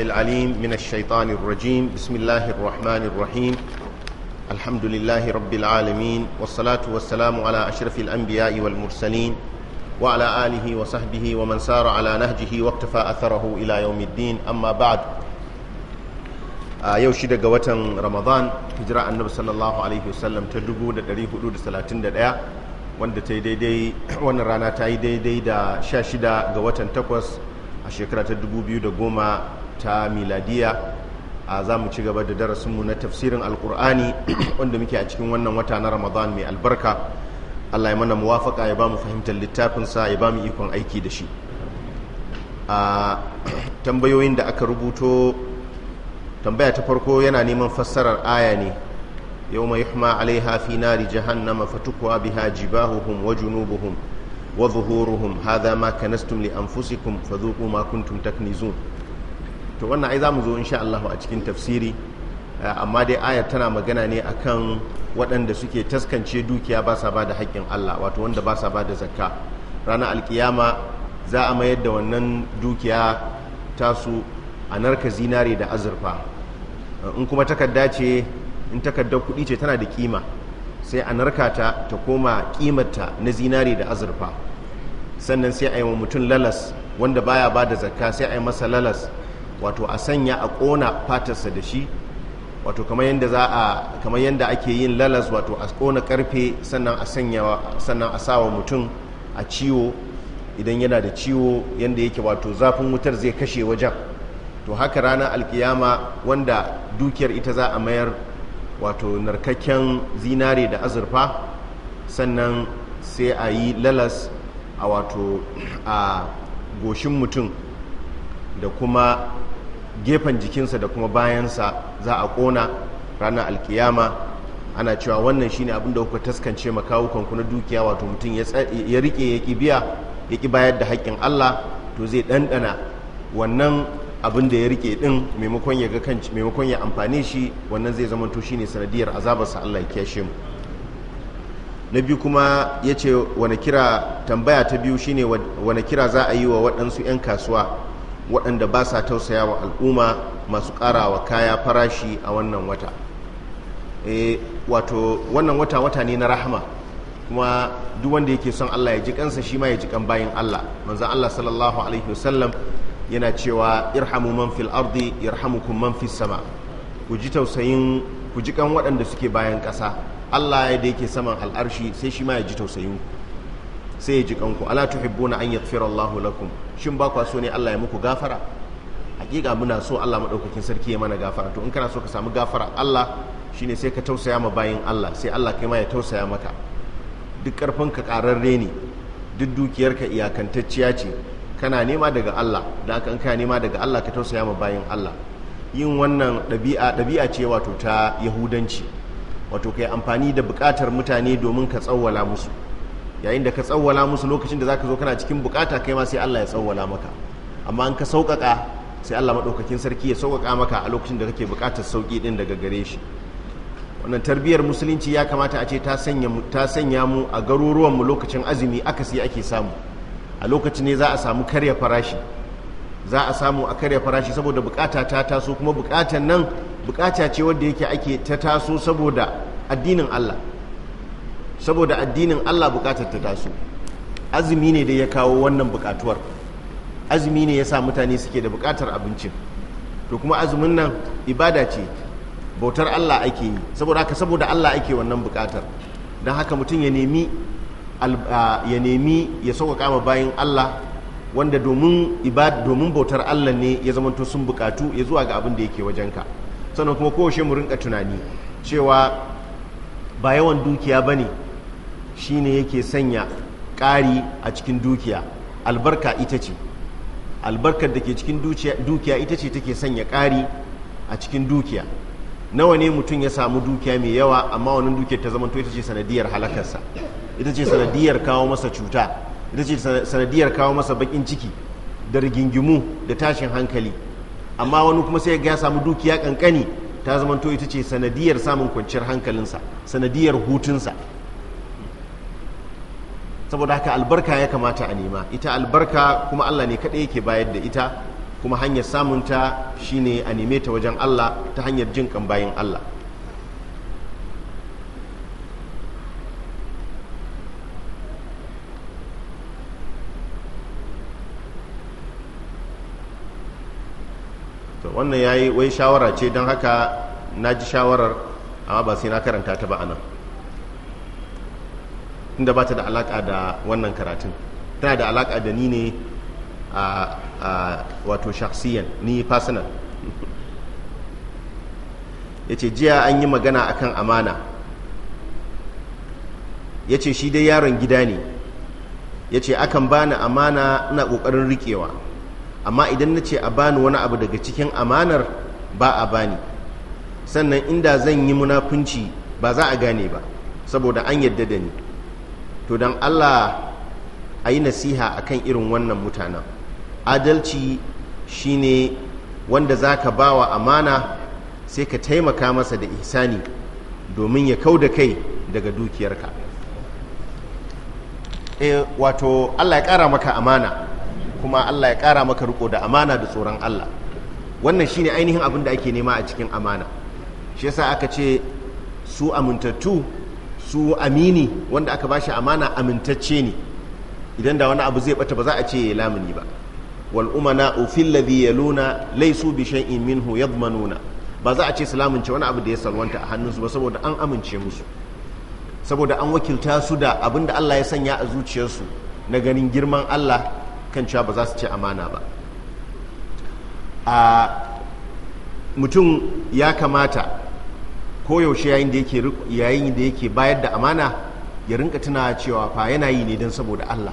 العليم من الشيطان الرجيم بسم الله الرحمن الرحيم الحمد لله رب العالمين والصلاة والسلام على أشرف الأنبياء والمرسلين وعلى آله وصحبه ومن سار على نهجه واقتفى أثره إلى يوم الدين أما بعد yau shida ga watan ramadan hijira annabi sallallahu alaihi wasallam ta 1431 wanda ta yi daidai wannan rana ta yi daidai da 16 ga watan 8 a shekara ta 2010 ta miladiya a za mu ci gaba da darasinmu na tafsirin alkur'ani wanda muke a cikin wannan wata na ramadan mai albarka allah ya mana muwafaka ya ba mu fahimtar littafinsa ya ba mu ikon aiki da shi a tambayoyin da aka rubuto tambaya ta farko yana neman fassarar aya ne yau mai yuhma alaiha fi nari jahannama fatukwa biha jibahuhum wa junubuhum wa zuhuruhum hadha ma kanastum li anfusikum fadhuqu ma kuntum taknizun to wannan ai mu zo insha Allah a cikin tafsiri eh, amma dai ayar tana magana ne akan waɗanda suke taskance dukiya ba sa ba da haƙƙin Allah wato wanda ba sa ba da zakka ranar alkiyama za a mayar da wannan dukiya tasu a narka zinare da azurfa eh, in kuma takarda ce in takardar kuɗi ce tana da kima sai a narka ta ta koma kimarta na zinare da azurfa sannan sai a yi wa mutum lalas wanda baya ba da zakka sai a yi masa lalas wato a sanya a ƙona fatarsa da shi wato kamar yadda yadda ake yin lalas wato a ƙona ƙarfe sannan a sanya sannan a sawa mutum a ciwo idan yana da ciwo yadda yake wato zafin wutar zai kashe wajen to haka ranar alkiyama wanda dukiyar ita za a mayar wato narkakken zinare da azurfa sannan sai a yi lalas a wato a goshin mutum da kuma gefen jikinsa da kuma bayansa za a kona ranar alkiyama ana cewa wannan shine abin da kuka taskance makawukanku na dukiya wato mutum ya rike ya ki biya ya ki bayar da haƙƙin Allah to zai ɗanɗana wannan abin da ya rike ɗin maimakon ya maimakon ya amfane shi wannan zai zama to shine sanadiyar azabarsa Allah ya kiyashe mu na biyu kuma ya ce wani kira tambaya ta biyu shine wani kira za a yi wa waɗansu 'yan kasuwa waɗanda ba sa tausaya wa al'umma masu ƙarawa kaya farashi a wannan wata e, wato wannan wata wata ne na rahama kuma duk wanda yake son Allah ya ji kansa shi ma ya ji kan bayan Allah manzon Allah sallallahu alaihi wasallam yana cewa irhamu man fil ardi yarhamukum man fis sama ku ji tausayin ku ji kan waɗanda suke bayan ƙasa Allah ya da yake saman al'arshi sai shi ma ya ji tausayin sai ya ji kanku ala tuhibbuna an yaghfira Allahu lakum shin ba kwa so ne Allah ya muku gafara hakika muna so Allah maɗaukakin sarki ya mana gafara to in kana so ka samu gafara Allah shine sai ka tausaya ma bayan Allah sai Allah kai ma ya tausaya maka duk karfin ka kararre ne duk dukiyarka iyakantacciya ce kana nema daga Allah da aka kana nema daga Allah ka tausaya ma bayin Allah yin wannan ɗabi'a ɗabi'a ce wato ta yahudanci wato kai amfani da buƙatar mutane domin ka tsawwala musu yayin da ka tsawwala musu lokacin da zaka zo kana cikin bukata kai ma sai Allah ya tsawwala maka amma an ka sauƙaƙa sai Allah maɗaukakin sarki ya sauƙaƙa maka a lokacin da kake buƙatar sauƙi ɗin daga gare shi wannan tarbiyyar musulunci ya kamata a ce ta sanya mu a garuruwan mu lokacin azumi aka akasi ake samu a lokacin ne za a samu karya farashi za a samu a karya farashi saboda bukata ta taso kuma bukatan nan bukata ce wadda yake ake ta taso saboda addinin Allah saboda addinin Allah bukatar ta taso azumi ne da ya kawo wannan bukatuwar azumi ne ya sa mutane suke da bukatar abincin to kuma azumin nan ibada ce bautar Allah ake yi saboda haka saboda Allah ake wannan bukatar don haka mutum ya nemi ya nemi ya sauƙaƙa ma bayan Allah wanda domin domin bautar Allah ne ya zamanto sun bukatu ya zuwa ga abin da yake ka sannan kuma kowace mu rinka tunani cewa ba yawan dukiya bane shine yake sanya ƙari a cikin dukiya albarka ita ce albarkar da ke cikin dukiya ita ce take sanya ƙari a cikin dukiya nawa ne mutum ya samu dukiya mai yawa amma wannan dukiyar ta zamanto ita ce sanadiyar halakarsa ita ce sanadiyar kawo masa cuta ita ce sanadiyar kawo masa bakin ciki da rigingimu da tashin hankali amma wani kuma sai ya samu dukiya kankani ta zamanto ita ce sanadiyar samun kwanciyar hankalinsa sanadiyar hutunsa saboda haka albarka ya kamata a nema ita albarka kuma Allah ne kaɗai yake bayar da ita kuma hanyar samunta shine a neme ta wajen Allah ta hanyar jin kan bayan Allah wannan ya yi wai shawara ce don haka na ji shawarar amma ba sai na karanta ta ba anan. tunda ba ta da alaka da wannan karatun tana da alaka da ni ne a wato shaksiyan ni personal ya ce jiya an yi magana akan amana ya ce shi dai yaron gida ne ya ce akan bani amana na ƙoƙarin riƙewa amma idan na ce a bani wani abu daga cikin amanar ba a bani sannan inda zan yi munafunci ba za a gane ba saboda an yadda da ni to don allah a yi nasiha a kan irin wannan mutanen adalci shine wanda za ka ba wa amana sai ka taimaka masa da ihsani domin ya kau da kai daga dukiyarka e, wato allah ya kara maka amana kuma allah ya ƙara maka riko da amana da tsoron allah wannan shine ainihin abin da ake nema a cikin amana shi yasa aka ce su amintattu su amini wanda aka bashi amana amintacce ne idan da wani abu zai bata ba za a ce ya lamuni ba wal umana fil ladhi yaluna laysu bi shay'in minhu yadmanuna ba za a ce su wani abu da ya salwanta a hannunsu ba saboda an amince musu saboda an wakilta su da abin da Allah ya sanya a zuciyarsu na ganin girman Allah kan cewa ba za su ce amana ba a mutum ya kamata koyaushe yayin da yake yayin da yake bayar da amana ya rinka tuna cewa fa yana yi ne don saboda Allah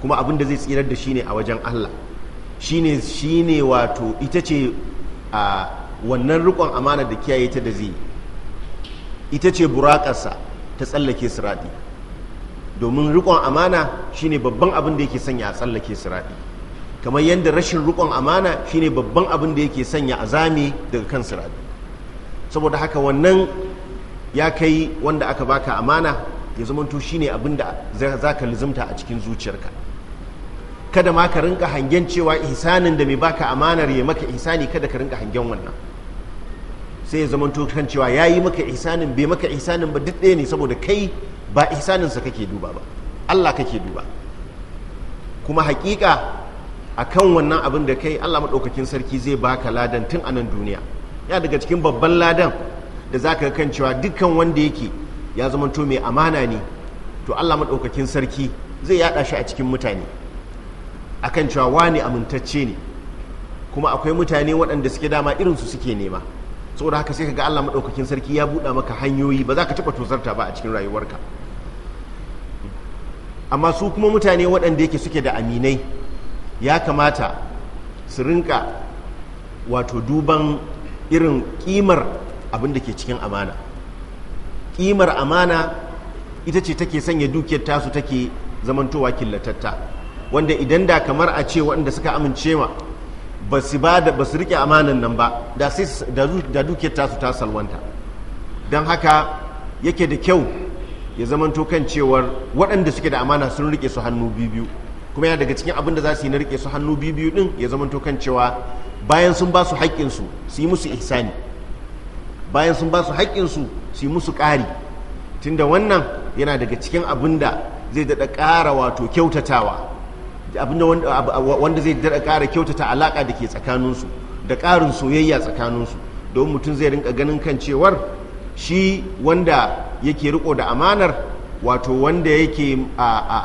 kuma abin da zai tsirar da shi ne a wajen Allah shi ne wato ita ce a wannan rikon amana da kiyaye ta da zai ita ce burakarsa ta tsallake siradi domin rikon amana shine babban abin da yake sanya a tsallake siradi kamar yadda rashin rikon amana shine babban abin da yake sanya a zame daga kan siradi saboda haka wannan ya kai wanda aka baka amana ya zamanto shine abin da za ka lizimta a cikin zuciyarka kada ma ka rinka hangen cewa ihsanin da mai baka amanar ya maka ihsani kada ka rinka hangen wannan sai ya zamanto kan cewa ya yi maka ihsanin bai maka ihsanin ba duk ɗaya ne saboda kai ba ihsaninsa kake duba ba Allah kake duba kuma hakika akan wannan abin da kai Allah maɗaukakin sarki zai baka ladan tun a nan duniya ya daga cikin babban ladan da za ka kan cewa dukkan wanda yake ya zama to mai amana ne to allah maɗaukakin sarki zai yaɗa shi a cikin mutane a kan cewa wani amintacce ne kuma akwai mutane waɗanda suke dama irinsu suke nema saboda haka sai ka ga allah maɗaukakin sarki ya buɗa maka hanyoyi ba za ka taɓa tozarta ba a cikin rayuwarka amma su kuma mutane waɗanda yake suke da aminai ya kamata su rinka wato duban irin kimar abin da ke cikin amana kimar amana ita ce take sanya dukiyar tasu take zamantowa killatatta wanda idan da kamar a ce waɗanda suka amincewa ba su ba su rike amanan nan ba da dukiyar tasu ta salwanta don haka yake da kyau ya zamanto kan cewar waɗanda suke da amana sun rike su hannu biyu kuma yana daga cikin abin da za su yi na rike su hannu biyu din ya zamanto kan cewa bayan sun ba su haƙƙinsu su yi musu ihsani bayan sun ba su haƙƙinsu su yi musu ƙari tunda wannan yana daga cikin abin da zai daɗa ƙara wato kyautatawa abin da wanda zai daɗa ƙara kyautata alaƙa da ke tsakaninsu da ƙarin soyayya tsakaninsu don mutum zai rinka ganin kan cewar shi wanda yake riƙo da amanar wato wanda yake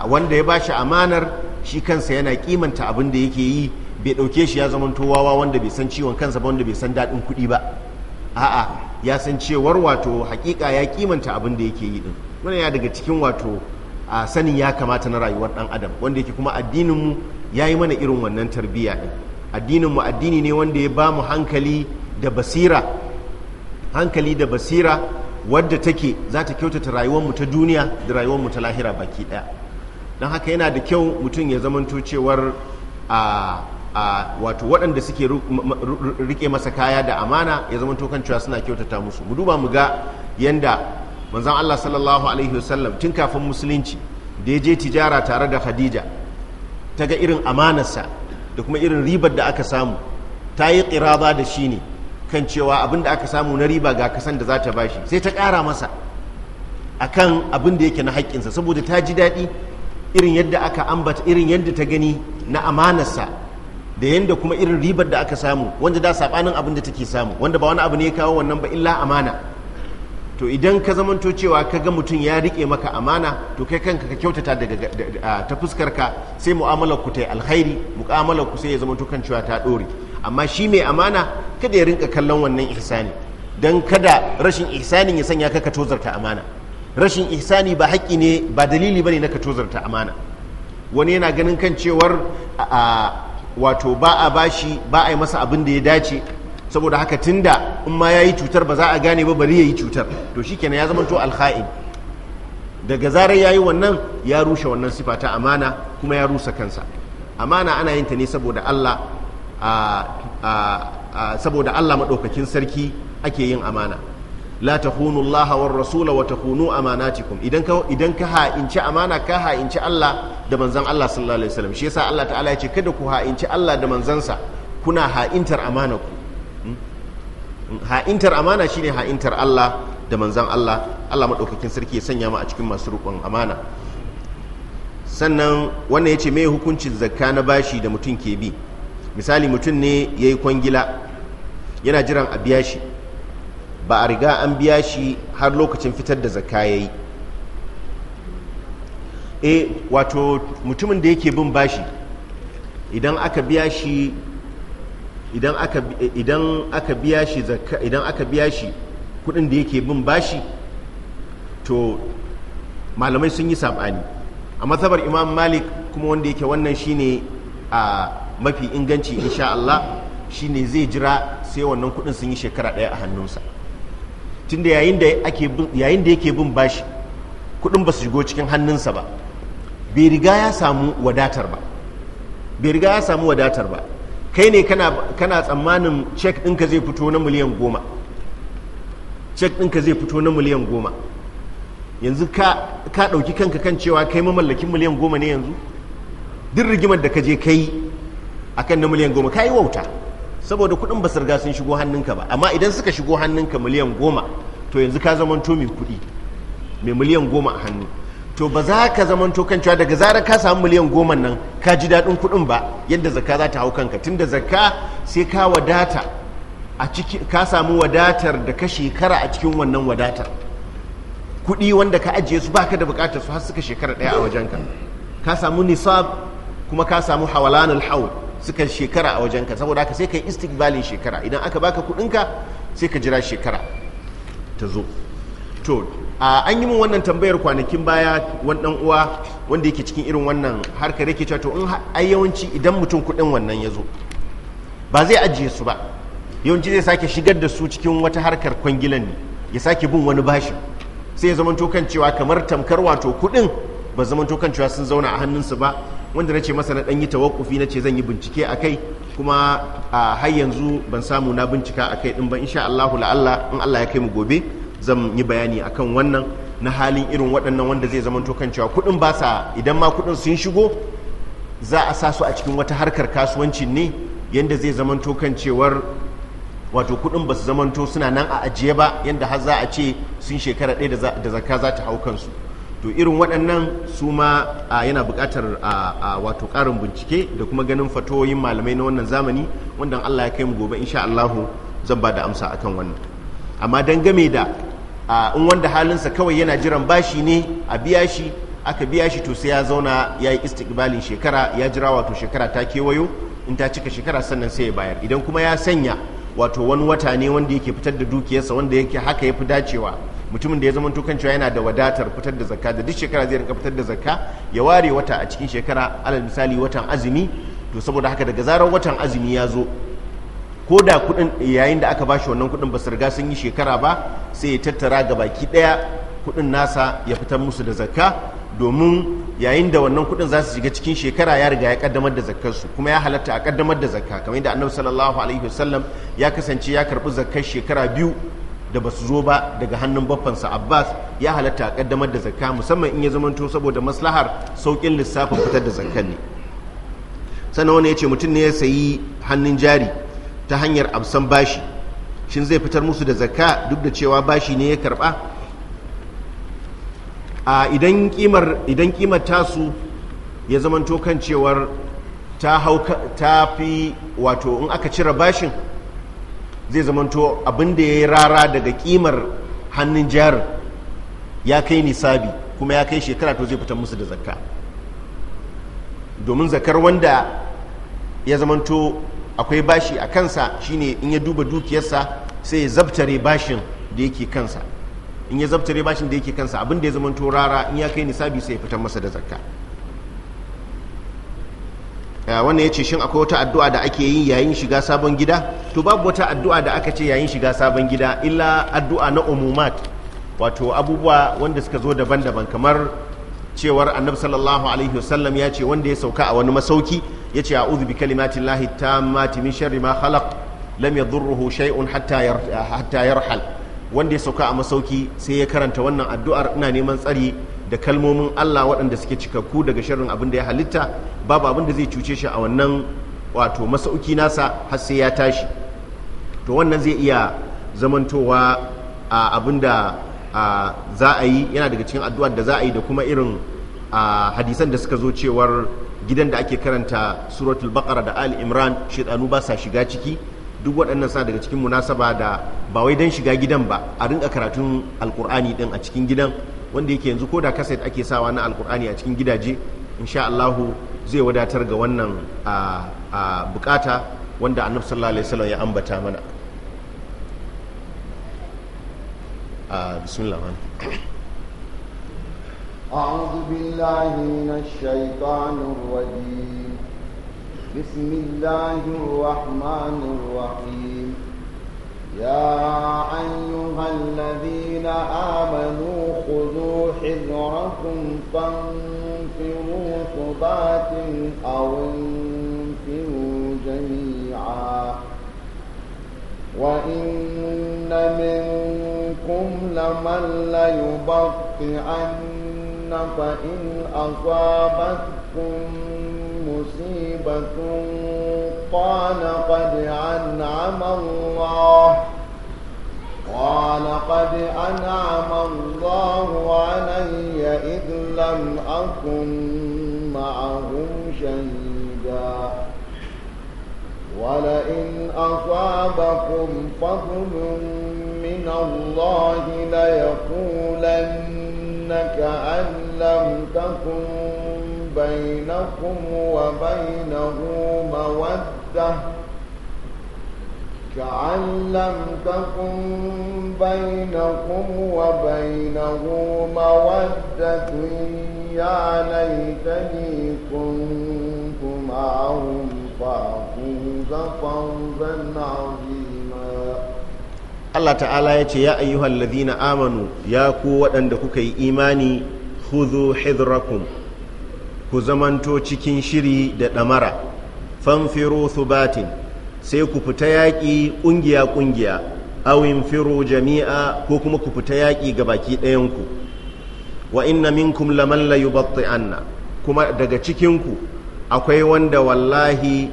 wanda ya amanar shi kansa yana kimanta abin da yake yi bai dauke shi ya zama wawa wanda bai san ciwon kansa ba wanda bai san daɗin kuɗi ba a'a ya san cewar wato hakika ya kimanta abin da yake yi din wannan ya daga cikin wato a sanin ya kamata na rayuwar ɗan adam wanda yake kuma addinin mu ya yi mana irin wannan tarbiyya din addinin mu addini ne wanda ya ba mu hankali da basira hankali da basira wadda take za ta kyautata rayuwar mu ta duniya da rayuwar mu ta lahira baki ɗaya. don haka yana da kyau mutum ya zamanto cewar a a wato waɗanda suke rike masa kaya da amana ya zama tokan cewa suna kyautata musu mu duba mu ga yanda manzon Allah sallallahu alaihi wasallam tun kafin musulunci da ya je tijara tare da Khadija ta ga irin amanarsa da kuma irin ribar da aka samu ta yi ƙiraba da shi ne kan cewa abin da aka samu na riba ga kasan da za ta bashi sai ta ƙara masa akan abin da yake na haƙƙinsa saboda ta ji daɗi irin yadda aka ambata irin yadda ta gani na amanarsa da yadda kuma irin ribar da aka samu wanda da sabanin abin da take samu wanda ba wani abu ne ya kawo wannan ba illa amana to idan ka zamanto cewa ka ga mutum ya rike maka amana to kai kanka ka kyautata daga ta fuskar ka sai mu'amalar ku ta yi alkhairi mu'amalar ku sai ya zamanto kan cewa ta dore amma shi mai amana kada ya rinka kallon wannan ihsani dan kada rashin ihsanin ya sanya ka ka tozarta amana rashin ihsani ba haƙƙi ne ba dalili bane na ka tozarta amana wani yana ganin kan cewar wato ba a bashi ba a yi masa abin da ya dace saboda haka tunda in ma ya yi cutar ba za a gane ba bari ya yi cutar to shi kenan ya zamanto alkha'in daga zarar ya yi wannan ya rushe wannan sifa ta amana kuma ya rusa kansa amana ana yin ta ne saboda Allah a saboda Allah madaukakin sarki ake yin amana la tahunu Allah wa rasula wa takunu amanatikum idan ka idan ka ha'inci amana ka ha'inci Allah da manzon Allah sallallahu alaihi wasallam shi yasa Allah ta'ala ya ce kada ku ha'inci Allah da manzansa kuna ha'intar amana ku hmm? hmm? ha'intar amana shine ha'intar Allah da manzan Allah Allah madaukakin sarki ya sanya mu a cikin masu rukun amana sannan wannan ya ce mai hukuncin zakka na bashi da mutum ke bi misali mutum ne ya yi kwangila yana jiran a biya shi ba a riga an biya shi har lokacin fitar da zakka yayi e wato mutumin da yake bin bashi idan aka biya shi idan aka idan aka biya shi zakka idan aka biya shi kudin da yake bin bashi to malamai sun yi sabani a mazhabar imam malik kuma wanda yake wannan shine a mafi inganci insha Allah shine zai jira sai wannan kudin sun yi shekara daya a hannunsa tunda yayin da yayin da yake bin bashi kudin ba su shigo cikin hannunsa ba bai riga ya samu wadatar ba bai riga ya samu wadatar ba kai ne kana tsammanin cek ɗinka zai fito na miliyan goma cek ɗinka zai fito na miliyan goma yanzu ka ɗauki kanka kan cewa kai mamallakin miliyan goma ne yanzu duk rigimar da ka je kai kan na miliyan goma ka yi wauta saboda kuɗin ba riga sun shigo hannunka ba amma idan suka shigo hannunka miliyan goma to yanzu ka zamanto mai kuɗi mai miliyan goma a hannu to ba za ka zamanto kan cewa daga zarar ka samu miliyan goma nan ka ji daɗin kuɗin ba yadda zakka za ta hau kanka tunda zakka sai ka wadata a ciki ka samu wadatar da ka shekara a cikin wannan wadatar kuɗi wanda ka ajiye su baka da buƙatar su har suka shekara ɗaya a wajenka ka samu nisab kuma ka samu hawalanul haul suka shekara a wajenka saboda haka sai ka yi istikbalin shekara idan aka baka kudinka sai ka jira shekara ta zo to a an yi min wannan tambayar kwanakin baya wannan uwa wanda yake cikin irin wannan harkar yake cewa to in ai yawanci idan mutum kudin wannan ya zo ba zai ajiye su ba yawanci zai sake shigar da su cikin wata harkar kwangilan ne ya sake bin wani bashin sai ya zamanto kan cewa kamar tamkar wato kudin ba zamanto kan cewa sun zauna a hannunsu ba wanda na ce masa na ɗan yi tawakufi na ce zan yi bincike a kai kuma a har yanzu ban samu na bincika a kai ɗin ba insha Allahu la'alla in Allah ya kai mu gobe zan yi bayani akan wannan na halin irin waɗannan wanda zai zama kan cewa kuɗin ba sa idan ma kuɗin sun shigo za a sa su a cikin wata harkar kasuwanci ne yanda zai zama kan cewar wato kuɗin ba su zamanto suna nan a ajiye ba yanda har za a ce sun shekara ɗaya da zakka za ta hau kansu to irin waɗannan su ma yana buƙatar wato ƙarin bincike da kuma ganin fatoyin malamai na wannan zamani wanda Allah ya kai mu gobe insha Allahu zan ba da amsa akan wannan amma game da in wanda halinsa kawai yana jiran bashi ne a biya shi aka biya shi to sai ya zauna ya yi istikbalin shekara ya jira wato shekara ta kewayo in ta cika shekara sannan sai ya bayar idan kuma ya sanya wato wani wata ne wanda yake fitar da dukiyarsa wanda yake haka ya fi dacewa mutumin da ya zama tukan cewa yana da wadatar fitar da zakka da duk shekara zai rinka fitar da zakka ya ware wata a cikin shekara alal misali watan azumi to saboda haka daga zarar watan azumi ya zo ko da kuɗin yayin da aka bashi wannan kudin ba su riga sun yi shekara ba sai ya tattara ga baki daya kuɗin nasa ya fitar musu da zakka domin yayin da wannan kuɗin za su shiga cikin shekara ya riga ya kaddamar da zakkar kuma ya halatta a kaddamar da zakka kamar yadda annabi sallallahu alaihi wasallam ya kasance ya karɓi zakkar shekara biyu da ba su zo ba daga hannun baffansa abbas ya halatta a kaddamar da zakka musamman in ya zamanto saboda maslahar saukin lissafin fitar da zakkan ne sannan wani ya ce mutum ne ya sayi hannun jari ta hanyar amsan bashi shin zai fitar musu da zakka duk da cewa bashi ne ya karba a idan kimar idan tasu ya zamanto kan cewar ta fi wato in aka cire bashin zai zamanto abin da ya yi rara daga kimar hannun jihar ya kai nisabi kuma ya kai shekara to zai fitar musu da zakka domin zakar wanda ya zamanto akwai bashi a kansa shine in ya duba dukiyarsa sai ya zabtare bashin da yake kansa in ya zabtare bashin da yake kansa abin da ya zamanto rara in ya kai nisabi sai ya fitar masa da zakka Eh, wannan ya ce shin akwai wata addu'a da ake yi yayin shiga sabon gida to babu wata addu'a da aka ce yayin shiga sabon gida illa addu'a na umumat wato abubuwa wanda suka zo daban-daban kamar cewar annabi sallallahu alaihi wasallam ya ce wanda ya sauka a wani masauki ya ce a'udhu bi kalimatin lahi tammati min sharri ma khalaq lam yadurruhu shay'un hatta hatta yarhal wanda ya sauka a masauki sai ya karanta wannan addu'ar ina neman tsari da kalmomin Allah waɗanda suke cikakku daga shirin abin da ya halitta babu abin da zai cuce shi a wannan wato masauki nasa har sai ya tashi to wannan zai iya zamantowa a abin da za a yi yana daga cikin addu'ar da za a yi da kuma irin hadisan da suka zo cewar gidan da ake karanta suratul baqara da ali imran shaitanu ba sa shiga ciki duk waɗannan sa daga cikin munasaba da ba wai don shiga gidan ba a rinka karatun alkur'ani din a cikin gidan wanda yake yanzu ko da kaset ake sawa na alkur'ani a cikin gidaje insha Allah zai wadatar ga wannan a bukata wanda annabi sallallahu alaihi wasallam ya ambata mana a bismillah أعوذ بالله من الشيطان الرجيم بسم الله الرحمن الرحيم يا أيها الذين آمنوا خذوا حذركم فانفروا ثبات أو انفروا جميعا وإن منكم لمن ليبطئن فإن أصابتكم مصيبة قال قد أنعم الله قال قد أنعم الله علي إذ لم أكن معهم شهيدا ولئن أصابكم فضل من الله ليقولنك أن لم تكن بينكم وبينه مودة بغتة كأن لم تكن بينكم وبينه مودة يا ليتني كنت معهم فأفوز فوزا عظيما الله تعالى يتي يا أيها الذين آمنوا يا قوة أندكوك إيماني خذوا حذركم ku zamanto cikin shiri da ɗamara fanfiro thubatin sai ku fita yaƙi ƙungiya ƙungiya awin firo jami'a ko kuma ku fita yaƙi ga baki ɗayanku wa inna minkum laman la anna kuma daga cikinku akwai wanda wallahi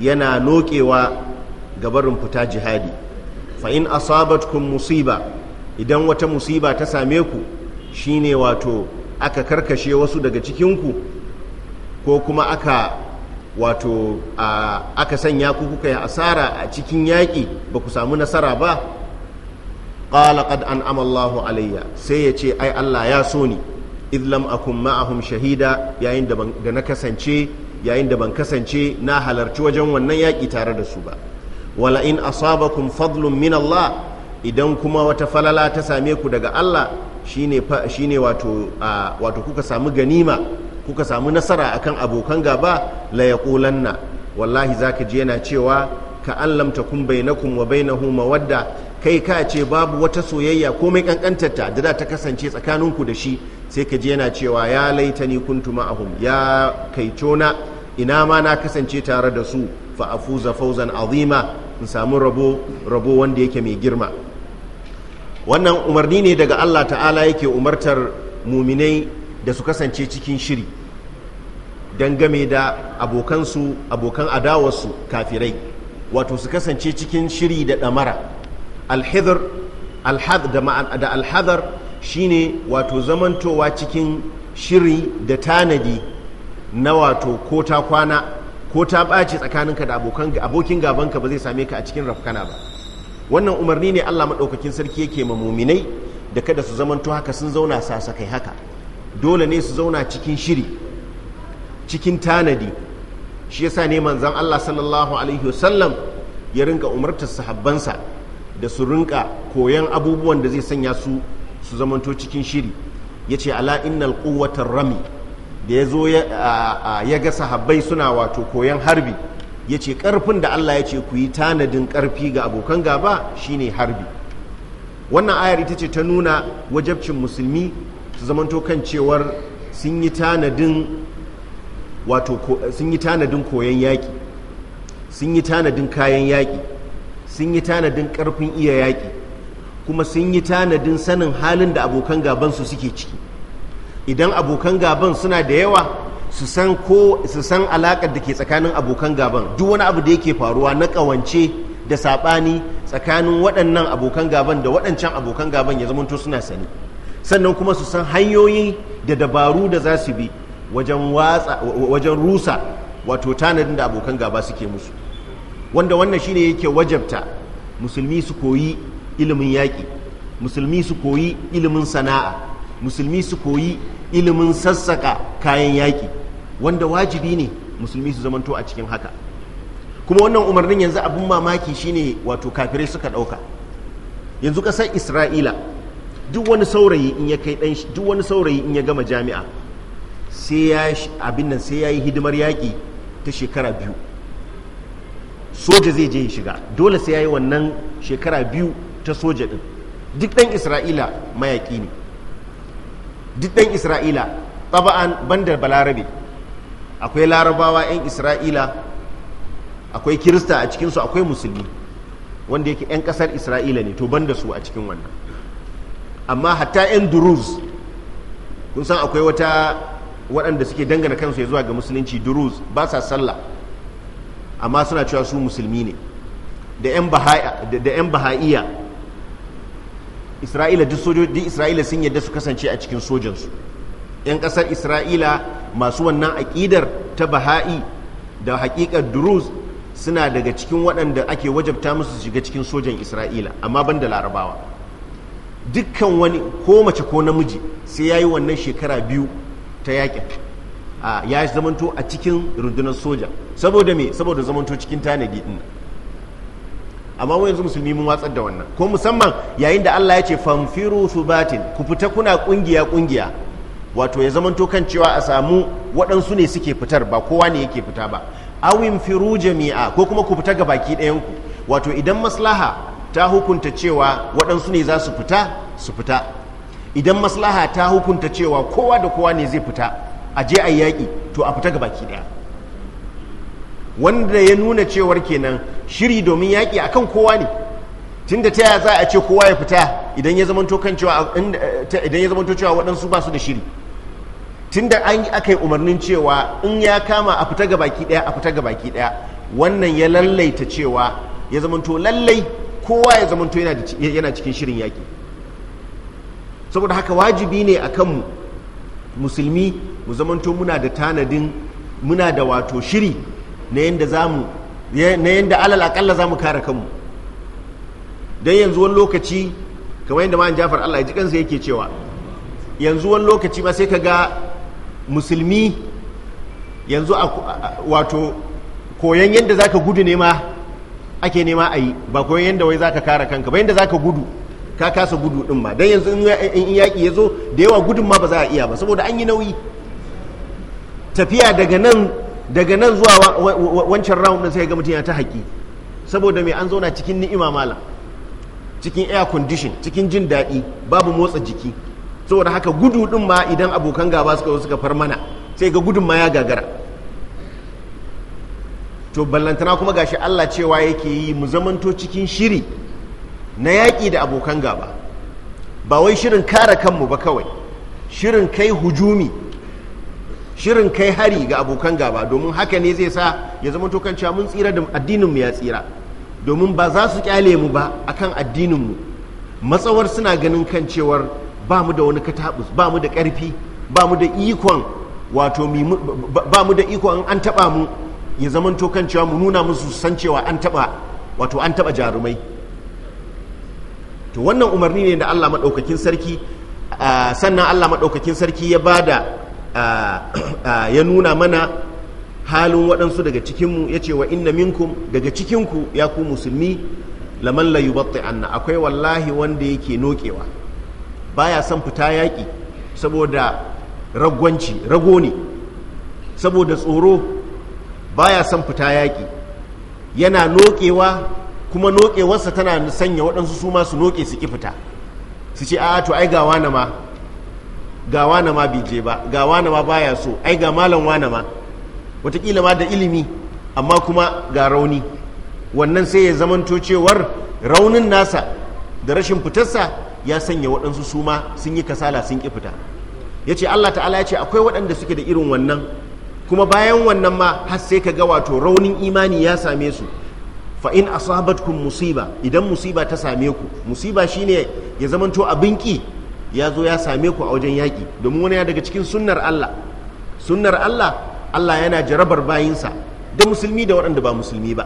yana noƙewa gabarin fita jihadi fa in asabatkum musiba idan wata musiba ta same ku shine wato aka karkashe wasu daga cikinku ko kuma aka wato aka sanya ku kuka yi asara a cikin yaƙi ba ku samu nasara ba ƙala qad an amallahu alayya sai ya ce ai Allah ya so ni idlam a akun ma'ahum shahida yayin da na kasance yayin da ban kasance na halarci wajen wannan yaƙi tare da su ba wala in asabakum fadlun min Allah idan kuma wata falala ta same ku daga Allah shine shine wato kuka samu ganima kuka samu nasara akan abokan gaba la kolanna wallahi zaka ji yana cewa ka kun takun bainakum wa bainahu wadda kai ka ce babu wata soyayya ko mai kankantarta da ta kasance tsakaninku da shi sai ka ji yana cewa ya laitani kuntu ma'ahum ya cona ina ma na kasance tare da su fa afuza fauzan azima in samu rabo rabo wanda yake mai girma wannan umarni ne daga Allah ta'ala yake umartar muminai da su kasance cikin shiri don game da abokansu abokan adawarsu kafirai wato su kasance cikin shiri da ɗamara alhidar da alhazar shine wato zamantowa cikin shiri da tanadi na wato ko ta kwana ko ta ɓaci tsakaninka da abokin gabanka ba zai same ka a cikin rafkana ba wannan umarni ne allah maɗaukakin sarki yake ma muminai da kada su zamanto haka sun zauna sasakai haka dole ne su zauna cikin shiri cikin tanadi shi yasa ne manzan Allah sallallahu alaihi wasallam ya rinka umartar sahabbansa da su rinka koyan abubuwan da zai sanya su su zamanto cikin shiri ya ce ala innal quwwatar rami da ya zo ya ga sahabbai suna wato koyan harbi ya ce karfin da Allah ya ce ku yi tanadin ƙarfi ga abokan gaba shine harbi wannan ayar ita ce ta nuna wajabcin musulmi su zamanto kan cewar sun yi tanadin koyan koyon yaƙi sun yi tanadin kayan yaƙi sun yi tanadin ƙarfin iya yaƙi kuma sun yi tanadin sanin halin da abokan gaban su suke ciki idan abokan gaban suna da yawa su san ko su san alaƙar da ke tsakanin abokan gaban duk wani abu da yake faruwa na ƙawance da saɓani tsakanin waɗannan abokan gaban da waɗancan abokan gaban ya zamanto suna sani sannan kuma su san hanyoyi da dabaru da za su bi wajen rusa wato tanadin da abokan gaba suke musu wanda wannan shine yake wajabta musulmi su koyi ilimin yaƙi musulmi su koyi ilimin sana'a musulmi su koyi ilimin sassaka kayan yaƙi wanda wajibi ne musulmi su zamanto a cikin haka kuma wannan umarnin yanzu abin mamaki shine wato kafirai suka ɗauka yanzu ƙasar isra'ila duk wani saurayi in ya kai dan duk wani saurayi in ya gama jami'a sai ya abin nan sai ya yi hidimar yaƙi ta shekara biyu soja zai je ya shiga dole sai ya yi wannan shekara biyu ta soja din duk ɗan isra'ila mayaƙi ne duk ɗan isra'ila taba'an bandar balarabe akwai larabawa 'yan isra'ila akwai kirista a cikinsu akwai musulmi wanda yake 'yan ƙasar isra'ila ne to banda su a cikin wannan amma hatta 'yan durus kun san akwai wata waɗanda suke dangana kansu ya zuwa ga musulunci duruz ba sa sallah amma suna cewa su musulmi ne da 'yan baha'iya isra'ila duk sojoji isra'ila sun yadda su kasance a cikin sojansu 'yan ƙasar isra'ila masu wannan aƙidar ta baha'i da haƙiƙar durus suna daga cikin waɗanda ake wajabta musu shiga cikin sojan isra'ila amma ban da larabawa dukkan wani ko mace ko namiji sai ya yi wannan shekara biyu ta yakin ya zamanto a cikin rundunar soja saboda me saboda zamanto cikin tanadi din amma wani yanzu musulmi mun watsar da wannan ko musamman yayin da Allah ya ce famfiru subatin ku fita kuna kungiya kungiya wato ya zamanto kan cewa a samu waɗansu ne suke fitar ba kowa ne yake fita ba awin firu jami'a ko kuma ku fita ga baki ɗayanku wato idan maslaha ta hukunta cewa waɗansu ne za su fita su fita idan maslaha ta hukunta cewa kowa da kowa ne zai fita a je a yaƙi to a fita ga baki ɗaya wanda ya nuna cewar kenan shiri domin yaƙi akan kowa ne tunda ta za a ce kowa ya fita idan ya zamanto kan cewa idan ya zamanto cewa waɗansu ba su da shiri tunda an aka yi umarnin cewa in ya kama a fita ga baki ɗaya a fita ga baki ɗaya wannan ya lallaita cewa ya zamanto lallai kowa ya zamanto yana cikin shirin yaƙi saboda haka wajibi ne a kanmu musulmi mu zamanto muna da tanadin muna da wato shiri na yadda alal akalla za mu kare kanmu don yanzu wani lokaci kamar yadda ma'an jafar allah ya ji kansa yake cewa yanzu wani lokaci ma sai ka ga musulmi yanzu wato koyon yadda za ka gudu ne ma ake nema a yi ba ko yanda wai zaka kare kanka ba yanda zaka gudu ka kasa gudu din ma dan yanzu in yaki ya zo da yawa gudun ma ba za a iya ba saboda an yi nauyi tafiya daga nan zuwa wancan round din sai ga mutum ya ta haƙi saboda mai an zauna cikin ni'ima mala cikin air condition cikin jin daɗi babu motsa jiki saboda haka gudu din ma idan abokan gaba suka suka far mana sai ga gudun ma ya gagara to ballantana kuma gashi Allah cewa yake yi mu zamanto cikin shiri na yaƙi da abokan gaba ba wai shirin kare kanmu ba kawai shirin kai hujumi shirin kai hari ga abokan gaba domin haka ne zai sa ya zamanto kan cewa mun tsira da addininmu ya tsira domin ba za su kyale mu ba akan addininmu matsawar suna ganin kan cewar ba mu da wani katabus ba mu da ƙarfi ba mu da ikon wato ba mu da ikon an taɓa mu ya zamanto kan cewa mu nuna musu san cewa an taba wato an taba jarumai to wannan umarni ne da Allah madaukakin sarki sannan Allah madaukakin sarki ya bada ya nuna mana halin waɗansu daga cikinmu ya ce wa inna minkum daga cikinku ya ku musulmi laman la yubatti anna akwai wallahi wanda yake nokewa baya son fita yaƙi saboda ragwanci rago ne saboda tsoro baya son fita yaƙi yana noƙewa kuma noƙewarsa tana sanya waɗansu su ma su noƙe su ƙi fita su ce a'a to ai ga wane ma ga wane ma bije je ba ga wane ma baya so ai ga malam wane ma wataƙila ma da ilimi amma kuma ga rauni wannan sai ya zamanto cewar raunin nasa da rashin fitarsa ya sanya waɗansu suma sun yi kasala sun ƙi fita ya ce allah ta'ala ya ce akwai waɗanda suke da irin wannan kuma bayan wannan ma har sai ka ga wato raunin imani ya same su fa in asabatkum musiba idan musiba ta same ku musiba shine ya zamanto abin ki ya zo ya same ku a wajen yaƙi domin wani ya daga cikin sunnar Allah sunnar Allah Allah yana jarabar bayinsa da musulmi da waɗanda ba musulmi ba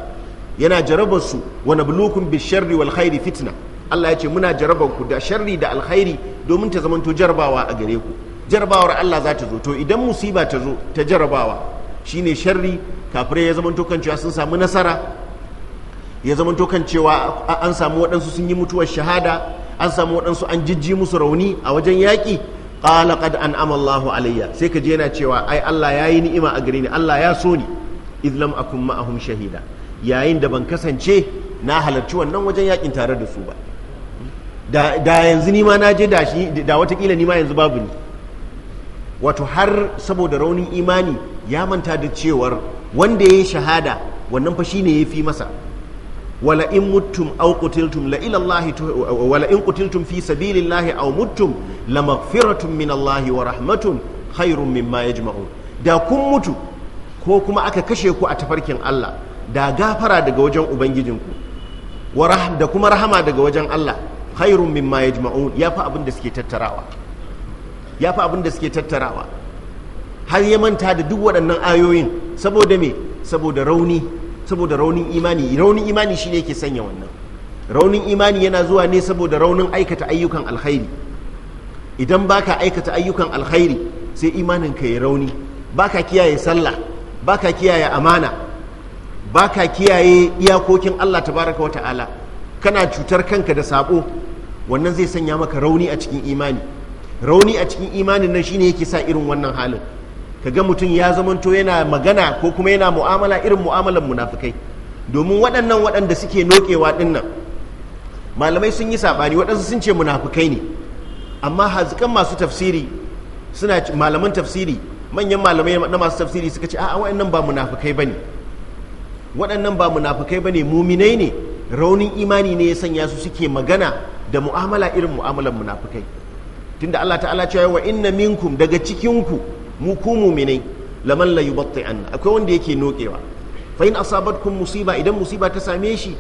yana jarabar su wa nablukum bisharri wal khairi fitna Allah ya ce muna jarabar ku da sharri da alkhairi domin ta zamanto jarabawa a gare ku jarabawar Allah za ta zo to idan musiba ta zo ta jarabawa shine sharri kafirai ya zama tokan cewa sun samu nasara ya zama tokan cewa an samu waɗansu sun yi mutuwar shahada an samu waɗansu an jijji musu rauni a wajen yaƙi qala qad an amallahu alayya sai ka je yana cewa ai Allah ya yi ni'ima a gare ni Allah ya so ni idlam a ma'ahum shahida yayin da ban kasance na halarci wannan wajen yaƙin tare da su ba da yanzu ni ma na je da shi da watakila ni ma yanzu babu ni wato har saboda raunin imani ya manta da cewar wanda ya yi shahada wannan fa shine ya fi masa wala in muttum aw qutiltum la ila wala in qutiltum fi sabilillahi aw muttum la maghfiratun min allahi wa rahmatun khairun mimma yajma'un da kun mutu ko kuma aka kashe ku a tafarkin Allah da gafara daga wajen ubangijinku da kuma rahama daga wajen Allah hairun mimma yajma'un ya fa abin da suke tattarawa ya fi abin da suke tattarawa har ya manta da duk waɗannan ayoyin saboda me saboda rauni saboda raunin imani raunin imani shi ne ke sanya wannan raunin imani yana zuwa ne saboda raunin aikata ayyukan alkhairi idan baka aikata ayyukan alkhairi sai imanin ka ya rauni baka kiyaye sallah baka kiyaye amana baka kiyaye iyakokin Allah tabaraka wa ta'ala kana cutar kanka da sabo wannan zai sanya maka rauni a cikin imani rauni a cikin imanin nan shine yake sa irin wannan halin kaga mutum ya zamanto yana magana ko kuma yana mu'amala irin mu'amalan munafikai domin waɗannan waɗanda suke nokewa dinnan malamai sun yi saɓani waɗansu sun ce munafikai ne amma hazikan masu tafsiri suna malaman tafsiri manyan malamai na masu tafsiri suka ce a'a waɗannan ba munafikai bane waɗannan ba munafikai bane muminai ne raunin imani ne ya sanya su suke magana da mu'amala irin mu'amalan munafikai tunda Allah ta'ala cewa wa inna minkum daga cikinku mu ku mu'minai laman la yubatti'an akwai wanda yake nokewa fa in asabatkum musiba idan musiba ta same shi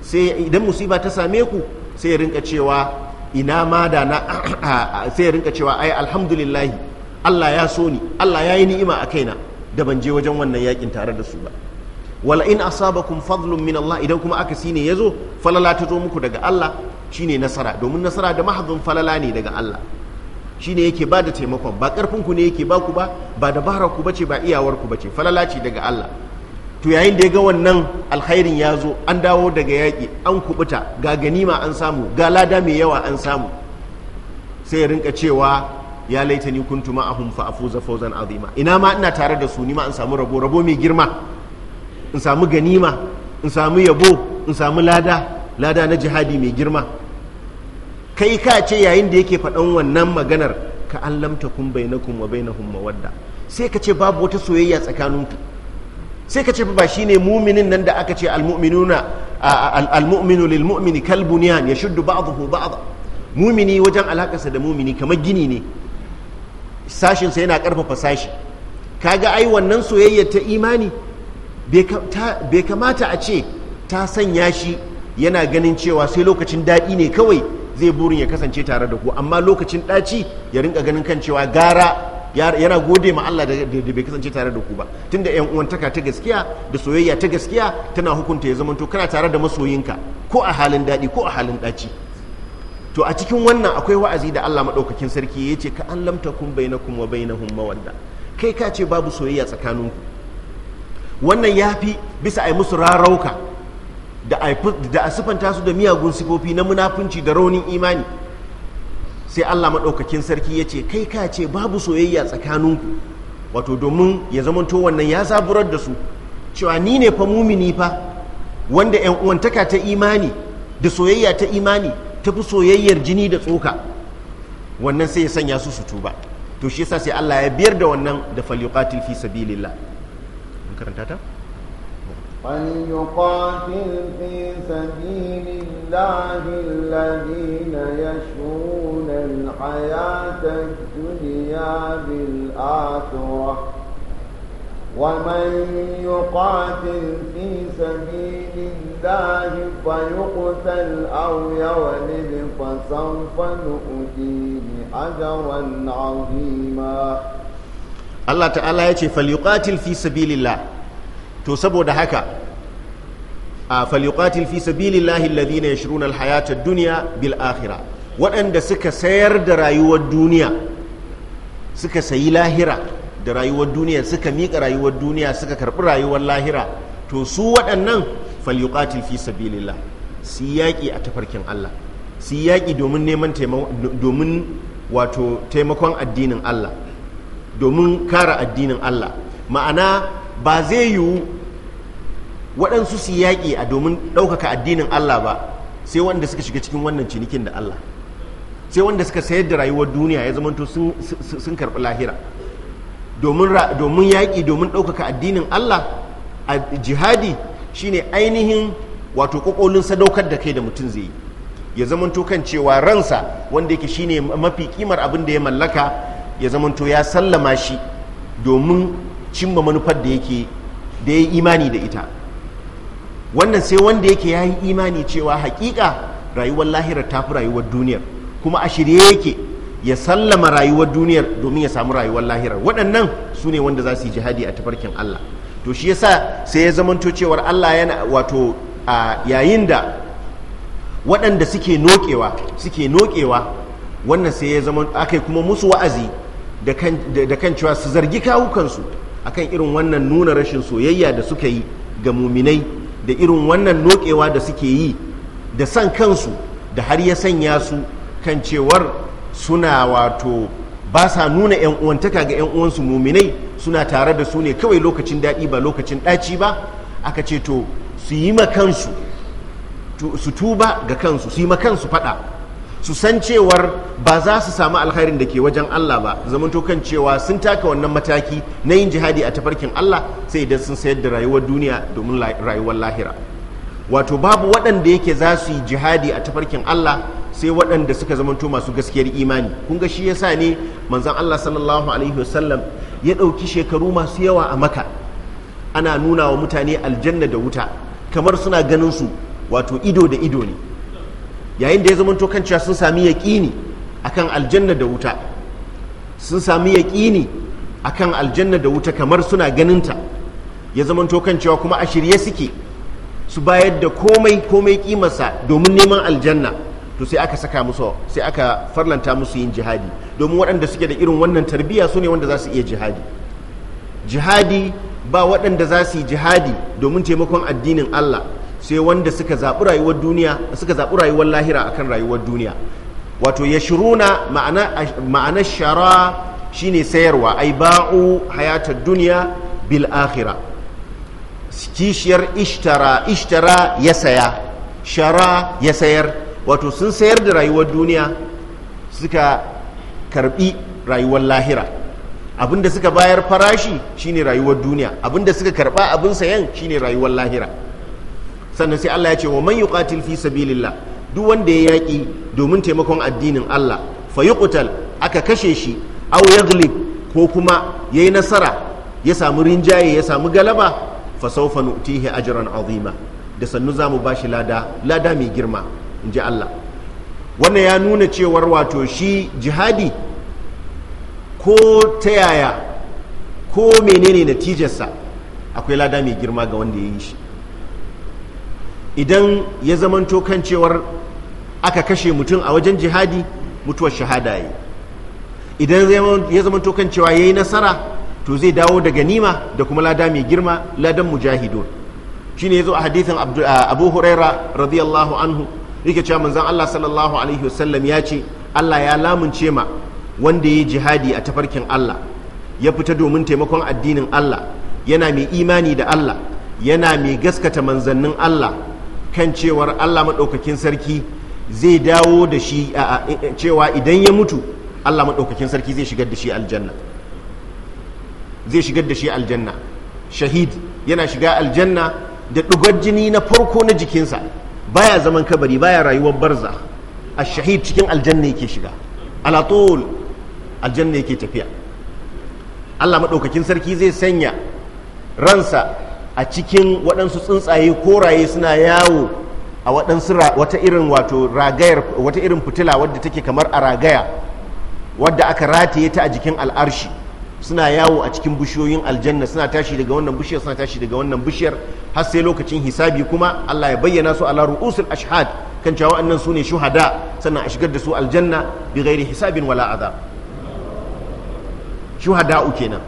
sai idan musiba ta same ku sai ya rinka cewa ina ma da na sai ya rinka cewa ai alhamdulillah Allah ya so ni Allah ya yi ni'ima a kaina da ban je wajen wannan yakin tare da su ba wala in asabakum fadlun min Allah idan kuma aka sine yazo falala ta zo muku daga Allah shine nasara domin nasara da mahadun falala ne daga Allah Shi ne yake ba da taimakon ba ƙarfinku ne yake ba ku ba ba dabara ku bace ba iyawar ku bace falala ce daga Allah to yayin da ya ga wannan alkhairin ya zo an dawo daga yaƙi an kubuta ga ganima an samu ga lada mai yawa an samu sai ya rinka cewa ya laita ni kuntu ma'ahum fa afuza fawzan azima ina ma ina tare da su ni ma in samu rabo rabo mai girma in samu ganima in samu yabo in samu lada lada na jihadi mai girma kai ka ce yayin da yake faɗan wannan maganar ka an lamta kun bainakum wa bainahum mawadda sai ka ce babu wata soyayya tsakaninku sai ka ce ba shine muminin nan da aka ce almu'minuna almu'minu lil mu'mini kal bunyan yashuddu ba'dahu ba'da mumini wajen alakarsa da mumini kamar gini ne sashin yana karfafa sashi kaga ai wannan soyayya ta imani bai kamata a ce ta sanya shi yana ganin cewa sai lokacin daɗi ne kawai zai burin ya kasance tare da ku amma lokacin ɗaci ya rinka ganin kan cewa gara yana gode ma Allah da bai kasance tare da ku ba tunda yan uwantaka ta gaskiya da soyayya ta gaskiya tana hukunta ya zamanto kana tare da masoyinka ko a halin daɗi ko a halin ɗaci to a cikin wannan akwai wa'azi da Allah maɗaukakin sarki ya ce ka an lamta kun bainakum wa bainahum mawadda kai ka ce babu soyayya tsakaninku wannan ya fi bisa a musu rarauka da a sifanta su da miyagun sifofi na munafunci da raunin imani sai Allah maɗaukakin sarki ya ce kai ka ce babu soyayya tsakaninku wato domin ya zamanto wannan ya zaburar da su cewa ni ne fa mumini fa wanda yan uwantaka ta imani da soyayya ta imani ta fi soyayyar jini da tsoka wannan sai ya sanya su su tuba to shi yasa sai Allah ya biyar da wannan da falyuqatil fi sabilillah وليقاتل في سبيل الله الذين يشرون الحياة الدنيا بالآخرة ومن يقاتل في سبيل الله فيقتل أو يولد فسوف نؤتيه أجرا عظيما الله تعالى يقاتل فليقاتل في سبيل الله to saboda haka a falyuqatil fi sabilillahi alladhina yashruna alhayata ad-dunya bil akhirah waɗanda suka sayar da rayuwar duniya suka sayi lahira da rayuwar duniya suka miƙa rayuwar duniya suka karɓi rayuwar lahira to su waɗannan falyuqatil fi sabilillah si yaƙi a tafarkin Allah si yaƙi domin neman domin wato taimakon addinin Allah domin kara addinin Allah ma'ana ba zai yiwu waɗansu su yaƙi a domin ɗaukaka addinin Allah ba sai wanda suka shiga cikin wannan cinikin da Allah sai wanda suka sayar da rayuwar duniya ya zamanto sun karɓi lahira domin yaƙi domin ɗaukaka addinin Allah a jihadi shine ainihin wato ƙoƙolin sadaukar da kai da mutum zai yi ya zamanto kan cewa ransa wanda yake shine mafi kimar abin da ya mallaka ya zamanto ya sallama shi domin cimma manufar da yake da ya imani da ita wannan sai wanda yake ya yi imani cewa hakika rayuwar lahirar fi rayuwar duniyar kuma a shirye yake ya sallama rayuwar duniyar domin ya samu rayuwar lahirar waɗannan su ne wanda za su yi jihadi a tafarkin Allah to shi yasa sai ya zamanto cewar Allah yana wato a yayin da waɗanda suke nokewa suke nokewa wannan sai ya zama akai kuma musu wa'azi da kan cewa su zargi kawukansu akan irin wannan nuna rashin soyayya da suka yi ga muminai da irin wannan nokewa da suke yi da san kansu da har ya sanya su kan cewar suna wato ba sa nuna 'yan uwantaka ga 'yan uwansu muminai suna tare da su ne kawai lokacin daɗi ba lokacin ɗaci ba aka ce to su yi ma kansu su tuba ga kansu su yi ma kansu faɗa su san cewar ba za su samu alkhairin da ke wajen Allah ba zamanto kan cewa sun taka wannan mataki na yin jihadi a tafarkin Allah sai idan sun sayar da rayuwar duniya domin rayuwar lahira wato babu waɗanda yake za su yi jihadi a tafarkin Allah sai waɗanda suka zamanto masu gaskiyar imani kun ga shi yasa ne manzon Allah sallallahu alaihi wasallam ya ɗauki shekaru masu yawa a maka ana nuna wa mutane aljanna da wuta kamar suna ganin su wato ido da ido ne yayin da ya zama kan cewa sun sami yaƙini akan aljanna da wuta sun sami yaƙini akan aljanna da wuta kamar suna ganinta ya zamanto kan cewa kuma a shirye suke su bayar da komai komai kimarsa domin neman aljanna to sai aka saka musu sai aka farlanta musu yin jihadi domin waɗanda suke da irin wannan tarbiyya su ne wanda za su iya jihadi jihadi ba waɗanda za su yi jihadi domin taimakon addinin Allah sai wanda suka zaɓi rayuwar duniya suka zaɓi rayuwar lahira akan rayuwar duniya wato ya shiruna ma'anar shara shine sayarwa ai ba'u hayatar duniya bil akhira kishiyar ishtara ishtara ya saya shara ya sayar wato sun sayar da rayuwar duniya suka karbi rayuwar lahira abinda suka bayar farashi shine rayuwar duniya abinda suka karba abin sayan shine rayuwar lahira sannan sai Allah ya ce wa man yuqatil fi sabilillah duk wanda ya yaki domin taimakon addinin Allah fa yuqtal aka kashe shi aw yaghlib ko kuma ya yi nasara ya samu rinjaye ya samu galaba fa sawfa nu'tihi ajran azima da sannu zamu ba shi lada mai girma inji Allah wannan ya nuna cewar wato shi jihadi ko ta yaya ko menene natijarsa akwai lada mai girma ga wanda ya yi shi idan ya zamanto kan cewar aka kashe mutum a wajen jihadi mutuwar shahada yi idan ya zamanto kan cewa ya yi nasara to zai dawo da ganima da kuma lada mai girma ladan mujahidun ya zo a hadithin abu huraira radiyallahu anhu yake cewa manzan Allah sallallahu alaihi wasallam ya ce Allah ya lamunce ma wanda ya yi jihadi a tafarkin Allah ya fita domin taimakon addinin Allah yana mai imani da Allah yana mai gaskata manzannin Allah kan cewar Allah maɗaukakin sarki zai dawo da shi a cewa idan ya mutu Allah maɗaukakin sarki zai shigar da shi aljanna zai shigar da shi aljanna shahid yana shiga aljanna da ɗugar jini na farko na jikinsa baya zaman kabari baya rayuwar barza a shahid cikin aljanna yake shiga alatul aljanna yake tafiya Allah maɗaukakin sarki zai sanya ransa a cikin waɗansu tsuntsaye koraye suna yawo a waɗansu wata irin wato ragayar wata irin fitila wadda take kamar a ragaya wadda aka rataye ta a jikin al'arshi suna yawo a cikin bishiyoyin aljanna suna tashi daga wannan bishiyar suna tashi daga wannan bishiyar har sai lokacin hisabi kuma Allah ya bayyana su ala ru'usul ashhad kan cewa wa'annan su ne shuhada sannan a shigar da su aljanna bi ghairi hisabin wala azab shuhada kenan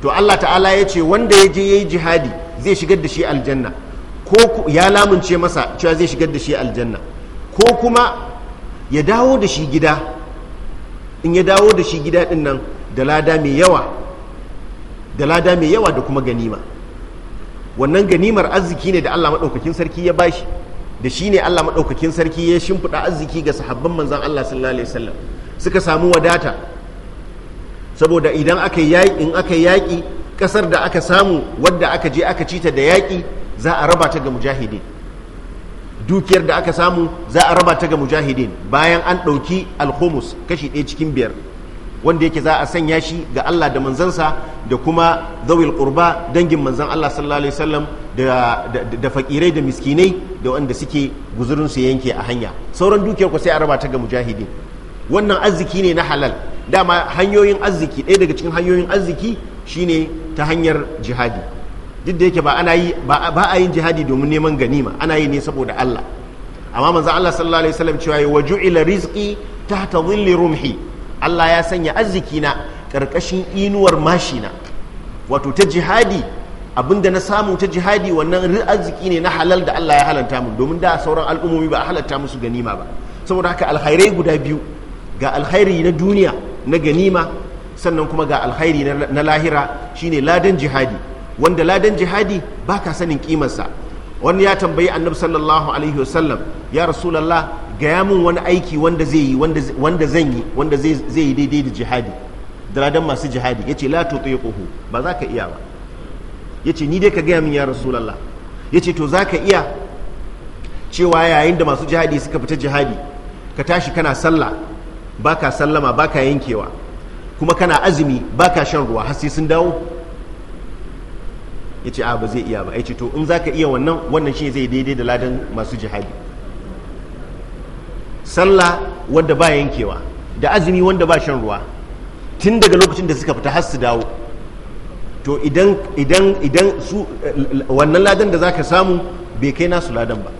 to Allah ta'ala ya ce wanda ya je yayi jihadi zai shigar da shi aljanna ko ya lamunce masa cewa zai shigar da shi aljanna ko kuma ya dawo da shi gida in ya dawo da shi gida din nan da lada mai yawa da lada mai yawa da kuma ganima wannan ganimar arziki ne da Allah maɗaukakin sarki ya bashi da shi ne Allah maɗaukakin sarki ya shimfiɗa arziki ga sahabban manzan Allah sallallahu alaihi wasallam suka samu wadata saboda idan aka yi in aka yaƙi kasar da aka samu wadda aka je aka cita da yaƙi za a raba ta ga mujahidin dukiyar da aka samu za a raba ta ga mujahidin bayan an ɗauki alhumus kashi ɗaya cikin biyar wanda yake za a sanya shi ga Allah da manzansa da kuma zawil ƙurba dangin manzan Allah sallallahu alaihi wasallam da da fakirai da miskinai da wanda suke guzurinsu yanke a hanya sauran dukiyar ku sai a raba ta ga mujahidin wannan arziki ne na halal dama hanyoyin arziki ɗaya daga cikin hanyoyin arziki shine ta hanyar jihadi duk da yake ba ana yi ba a yin jihadi domin neman ganima ana yi ne saboda Allah amma manzo Allah sallallahu alaihi wasallam cewa wa ju'ila rizqi tahta dhilli rumhi Allah ya sanya arziki na karkashin inuwar mashina wato ta jihadi abinda na samu ta jihadi wannan arziki ne na halal da Allah ya halanta mu domin da sauran al'ummomi ba a halatta musu ganima ba saboda haka alkhairai guda biyu ga alkhairi na duniya na ganima sannan kuma ga alkhairi na lahira shine ladan jihadi wanda ladan jihadi ba ka sanin kimarsa wani ya tambayi annabi sallallahu alaihi wasallam ya rasulallah gaya min wani aiki wanda zai yi wanda zan yi wanda zai yi daidai da jihadi da ladan masu jihadi ya ce lato la tutiquhu ba za ka iya ba yace ni dai ka gaya min ya rasulallah yace to za ka iya cewa yayin da masu jihadi suka fita jihadi ka tashi kana sallah baka sallama baka yankewa kuma kana azumi baka shan ruwa hasi sun dawo yace a ba zai iya ba ce to in zaka iya wannan wannan shine zai daidai da ladan masu jihadi sallah wanda ba yankewa da azumi wanda ba shan ruwa tun daga lokacin da suka fita har su dawo to idan idan idan su wannan ladan da zaka samu bai kai nasu ladan ba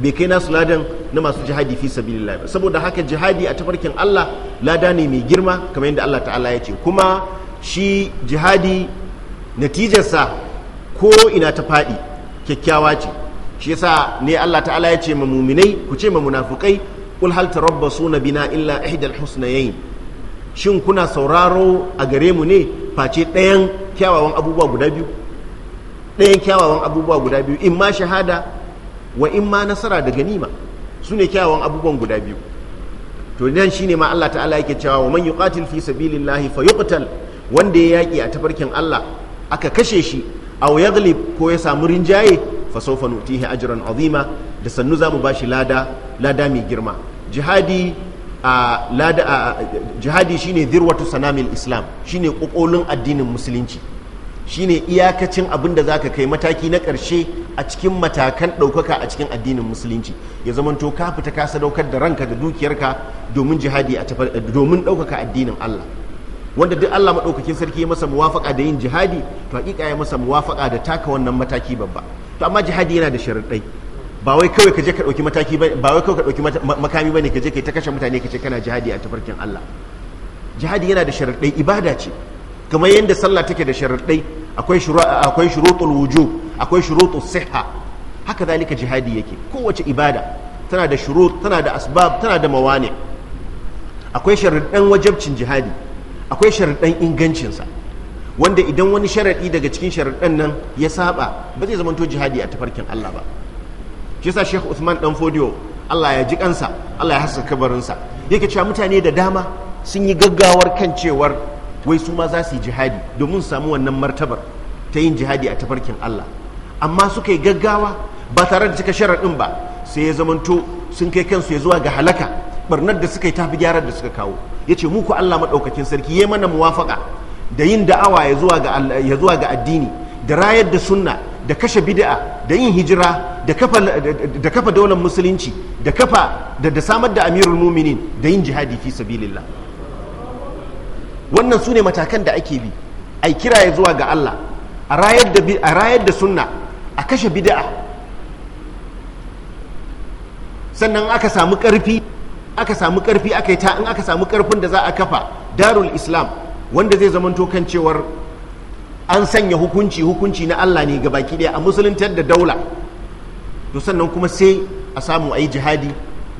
bai kai nasu ladan na masu jihadi fi sabilillah ba saboda haka jihadi a tafarkin Allah lada ne mai girma kamar yadda Allah ta'ala ya ce kuma shi jihadi natijarsa ko ina ta faɗi kyakkyawa ce shi yasa ne Allah ta'ala ya ce ma muminai ku ce ma munafukai kul hal suna bina illa ihdal husnayayn shin kuna sauraro a gare mu ne face ɗayan kyawawan abubuwa guda biyu ɗayan kyawawan abubuwa guda biyu in ma shahada wa in ma nasara da ganima su ne kyawawan abubuwan guda biyu to nan shine ma Allah ta'ala yake cewa wa man yuqatil fi sabilillahi kutal wanda ya yaki a tafarkin Allah aka kashe shi aw galib ko ya samu rinjaye fa sawfa nutihi ajran azima da sannu zamu bashi lada lada mai girma jihadi a lada jihadi shine zirwatu sanamil islam shine kokolin addinin musulunci shine iyakacin abin da zaka kai mataki na ƙarshe a cikin matakan ɗaukaka a cikin addinin musulunci ya zamanto ka fita ka sadaukar da ranka da dukiyarka domin jihadi a domin ɗaukaka addinin Allah wanda duk Allah maɗaukakin sarki ya masa muwafaƙa da yin jihadi to haƙiƙa ya masa muwafaƙa da taka wannan mataki babba to amma jihadi yana da sharaɗai ba wai kawai ka je ka ɗauki mataki ba wai kawai ka ɗauki makami ne ka je ka ta kashe mutane ka ce kana jihadi a tafarkin Allah jihadi yana da sharaɗai ibada ce kamar yadda sallah take da sharaɗai akwai akwai shurutul wujub akwai shurutul siha haka zalika jihadi yake kowace ibada tana da shurut tana da asbab tana da mawani akwai sharaɗan wajabcin jihadi akwai sharaɗan ingancinsa wanda idan wani sharaɗi daga cikin sharaɗan nan ya saba ba zai zamanto jihadi a tafarkin Allah ba shi yasa Sheikh Uthman dan Fodio Allah ya ji kansa Allah ya hasa kabarinsa yake cewa mutane da dama sun yi gaggawar kan cewar wai su ma za su yi jihadi domin samu wannan martabar ta yin jihadi a tafarkin Allah amma suka yi gaggawa ba tare da cika sharaɗin ba sai ya zamanto sun kai kansu ya zuwa ga halaka barnar da suka yi tafi gyarar da suka kawo ya ce muku Allah maɗaukakin sarki ya mana muwafaƙa da yin da'awa ya zuwa ga addini da rayar da sunna da kashe bid'a da yin hijira da kafa daular musulunci da kafa da samar da amirul muminin da yin jihadi fi sabilillah wannan su ne matakan da ake bi a yi kiraye zuwa ga Allah a rayar da sunna a kashe bida'a sannan aka samu ƙarfi aka samu ƙarfi aka yi ta in aka samu ƙarfin da za a kafa darul islam wanda zai zama kan cewar an sanya hukunci hukunci na Allah ne ga baki ɗaya a musuluntar da daula to sannan kuma sai a samu a yi jihadi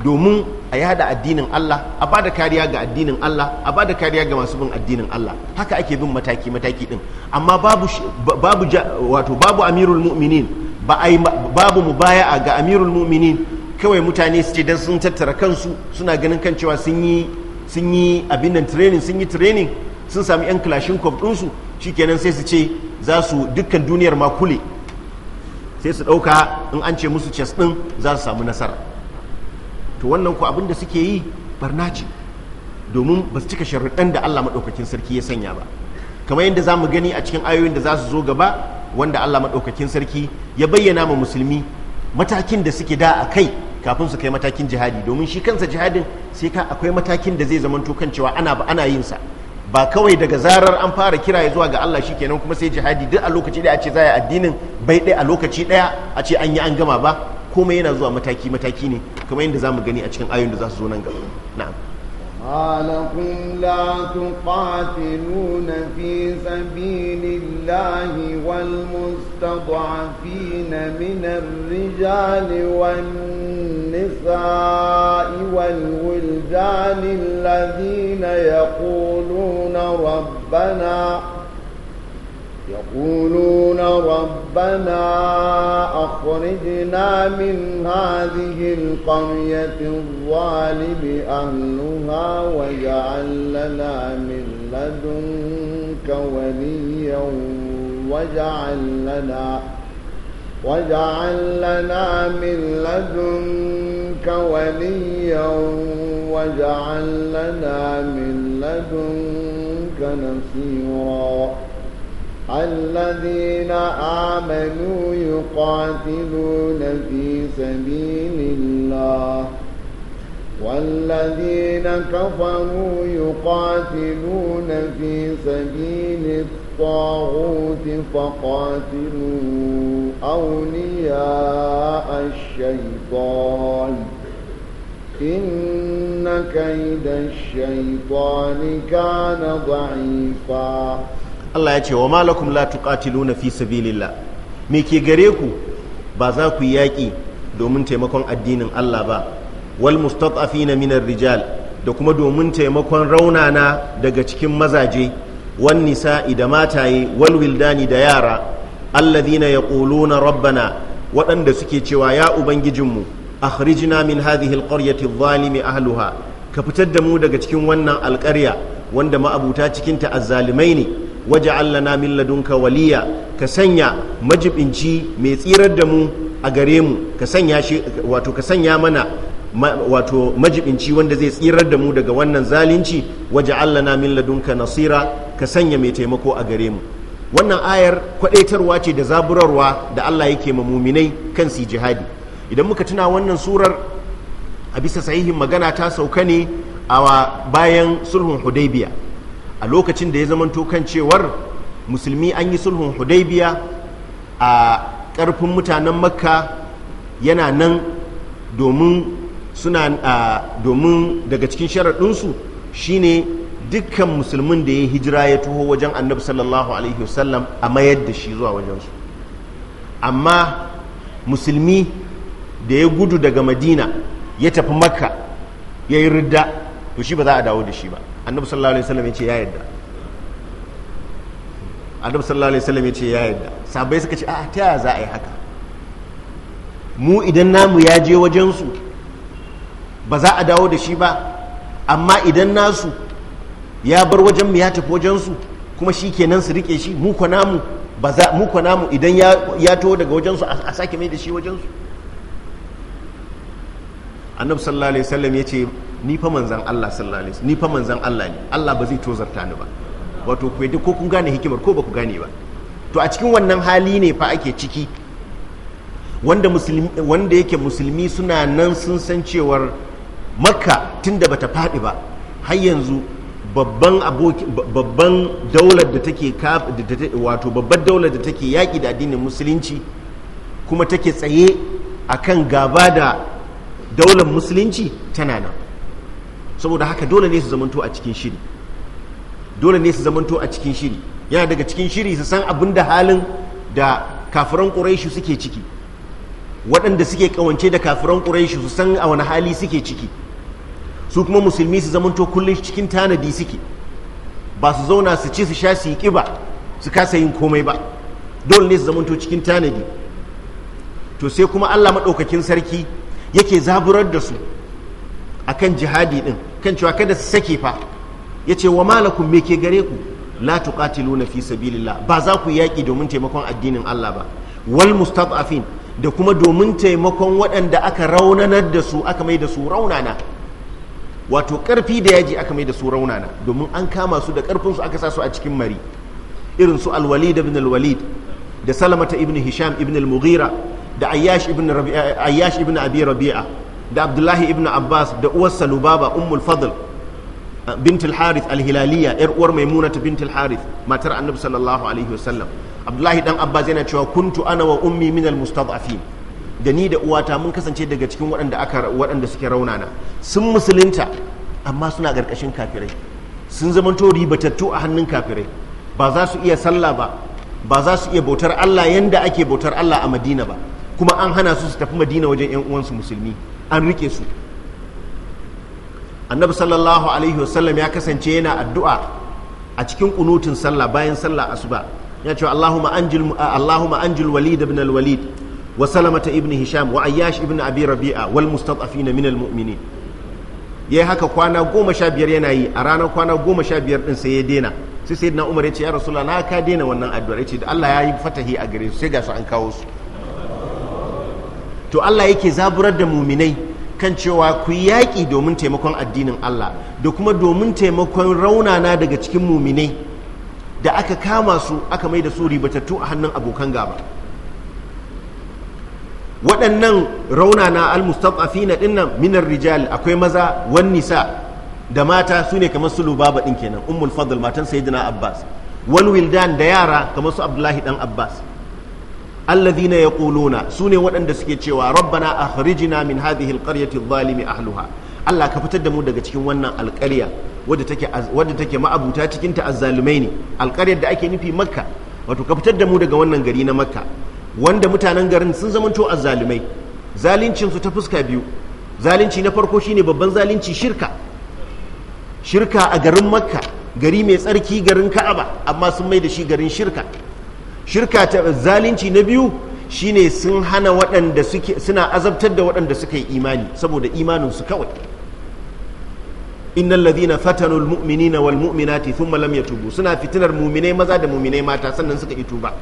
domin a yada addinin Allah a bada kariya ga addinin Allah a bada kariya ga masu bin addinin Allah haka ake bin mataki mataki din amma babu babu wato babu amirul mu'minin ba ai babu mubaya'a ga amirul mu'minin kawai mutane su ce dan sun tattara kansu suna ganin kan cewa sun yi sun yi abin nan training sun yi training sun sami yan clashin kof din su shikenan sai su ce za su dukkan duniyar makule sai su dauka in an ce musu chess din za su samu nasara to wannan ku abin da suke yi barna ce domin ba su cika sharuɗan da Allah maɗaukakin sarki ya sanya ba kamar yadda za mu gani a cikin ayoyin da za su zo gaba wanda Allah maɗaukakin sarki ya bayyana ma musulmi matakin da suke da a kai kafin su kai matakin jihadi domin shi kansa jihadin sai ka akwai matakin da zai zamanto kan cewa ana ana yin sa ba kawai daga zarar an fara kira ya zuwa ga Allah kenan kuma sai jihadi duk a lokaci da a ce za a addinin bai ɗaya a lokaci ɗaya a ce an yi an gama ba kuma yana zuwa mataki mataki ne kamar yadda za mu gani a cikin ayun da za su zo nan gaba na'am malakum la tuqatiluna fi sabilillahi wal mustad'afina min ar-rijal wan nisa'i wal ya alladhina na rabbana يقولون ربنا أخرجنا من هذه القرية الظالم أهلها واجعل لنا من لدنك وليا واجعل لنا واجعل لنا من لدنك وليا واجعل لنا من لدنك نصيرا الذين آمنوا يقاتلون في سبيل الله والذين كفروا يقاتلون في سبيل الطاغوت فقاتلوا أولياء الشيطان إن كيد الشيطان كان ضعيفاً Allah ya ce wa malakum la na fi sabilillah me ke gare ku ba za ku yi yaƙi domin taimakon addinin Allah ba wal na minar rijal da kuma domin taimakon raunana daga cikin mazaje wan nisa da mataye wal wildani da yara alladhina yaquluna rabbana waɗanda suke cewa ya ubangijinmu akhrijna min hadhihi alqaryati adh-dhalimi ahluha ka fitar da mu daga cikin wannan alƙarya wanda ma'abuta cikinta ta azzalimai ne waje na min ladunka waliya ka sanya majibinci mai tsirar da mu a gare mu ka sanya wato ka sanya mana wato majibinci wanda zai tsirar da mu daga wannan zalunci waje na min ladunka nasira ka sanya mai taimako a gare mu wannan ayar kwadaitarwa ce da zaburarwa da Allah yake ma muminai kan su jihadi idan muka tuna wannan surar a bisa sahihin magana ta sauka ne a bayan sulhun hudaybiya a lokacin da ya zamanto kan cewar musulmi an yi sulhun hudaibiya a ƙarfin mutanen makka yana nan domin suna domin daga cikin sharaɗinsu shine dukkan musulmin da ya hijira ya tuho wajen annabi sallallahu alaihi wasallam a mayar da shi zuwa wajensu amma musulmi da ya gudu daga madina ya tafi makka ya yi ridda to shi ba za a dawo da shi ba annabi sallallahu alaihi wasallam yace ya yadda annabi sallallahu alaihi wasallam yace ya yadda sabai suka ce a ta yaya za a yi haka mu idan namu ya je wajen su ba za a dawo da shi ba amma idan nasu ya bar wajen mu ya tafi wajen su kuma shi kenan su rike shi mu kwa namu ba za mu kwa namu idan ya taho daga wajen su a sake mai da shi wajen su annabi sallallahu alaihi wasallam yace ni fa manzan Allah sallallahu alaihi ni fa manzan Allah ne Allah ba zai tozarta ni ba wato ku yadda ko kun gane hikimar ko ba ku gane ba to a cikin wannan hali ne fa ake ciki wanda musulmi wanda yake musulmi suna nan sun san cewar makka tunda bata faɗi ba har yanzu babban aboki babban daular da take wato babbar daular da take yaƙi da addinin musulunci kuma take tsaye akan gaba da daular musulunci tana nan saboda haka dole ne su zamanto a cikin shiri dole ne su zamanto a cikin shiri yana daga cikin shiri su san abin da halin da kafiran ƙuraishi suke ciki waɗanda suke ƙawance da kafiran ƙuraishi su san a wani hali suke ciki su kuma musulmi su zamanto kullum cikin tanadi suke ba su zauna su ci su sha su yi ƙiba su kasa yin komai ba dole ne su zamanto cikin tanadi to sai kuma allah maɗaukakin sarki yake zaburar da su akan jihadi din kan cewa kada su sake fa yace wa malakun me ke gare ku la na fi sabilillah ba za ku yaki domin taimakon addinin Allah ba wal mustad'afin da kuma domin taimakon waɗanda aka raunanar da su aka mai da su raunana wato ƙarfi da yaji aka mai da su raunana domin an kama su da ƙarfinsu aka sa su a cikin mari irin su alwalid ibn alwalid da salamata ibn hisham ibn al da ayyash ibn abi rabi'a da abdullahi ibn abbas da uwarsa lubaba ummul fadl uh, bintul harith alhilaliya yar uwar maimunata bintul harith matar annabi sallallahu alaihi wasallam abdullahi dan abbas yana cewa kuntu ana wa ummi min almustad'afin da ni da uwata mun kasance daga cikin waɗanda aka waɗanda suke raunana sun musulunta amma suna ƙarƙashin kafirai sun zama zamanto ribatattu a hannun kafirai ba za su iya sallah ba ba za su iya bautar Allah yanda ake bautar Allah a Madina ba kuma an hana su su tafi Madina wajen ƴan uwansu musulmi an rike su annabi sallallahu alaihi wasallam ya kasance yana addu'a a cikin kunutin sallah bayan sallah asuba ya ce Allahumma anjil Allahumma anjil walid ibn al-walid wa salamata ibn hisham wa ayyash ibn abi rabi'a wal mustatafina min al-mu'minin yi haka kwana goma sha biyar yana yi a ranar kwana goma sha biyar din sai ya daina sai sayyidina umar ya ce ya rasulullah na ka daina wannan addu'a ya ce da Allah ya yi fatahi a gare su sai ga su an kawo su to Allah yake zaburar da muminai kan cewa ku yi yaƙi domin taimakon addinin Allah da kuma domin taimakon raunana daga cikin muminai da aka kama su aka mai da su ribatattu a hannun abokan gaba waɗannan raunana al almustafafina ɗinnan minar rijal akwai maza wan nisa da mata su ne kamar su lubaba ɗin kenan ummul fadl matan sayyidina abbas wal wildan da yara kamar su abdullahi dan abbas alladhina yaquluna sune waɗanda suke cewa rabbana akhrijna min hadhihi alqaryati adh-dhalimi ahluha Allah ka fitar da mu daga cikin wannan alƙarya wadda take wadda take ma'abuta cikin ta azzalumaini ne alƙaryar da ake nufi makka wato ka fitar da mu daga wannan gari na makka wanda mutanen garin sun zamanto azzalumai zalincin su ta fuska biyu zalunci na farko shine babban zalunci shirka shirka a garin makka gari mai tsarki garin ka'aba amma sun mai da shi garin shirka shirka ta zalunci na biyu shine sun hana waɗanda suna azabtar da waɗanda suka yi imani saboda imaninsu kawai innal ladina fatanu almu'minina walmu'minati thumma lam yatubu suna fitinar mu'minai maza da mu'minai mata sannan suka yi tuba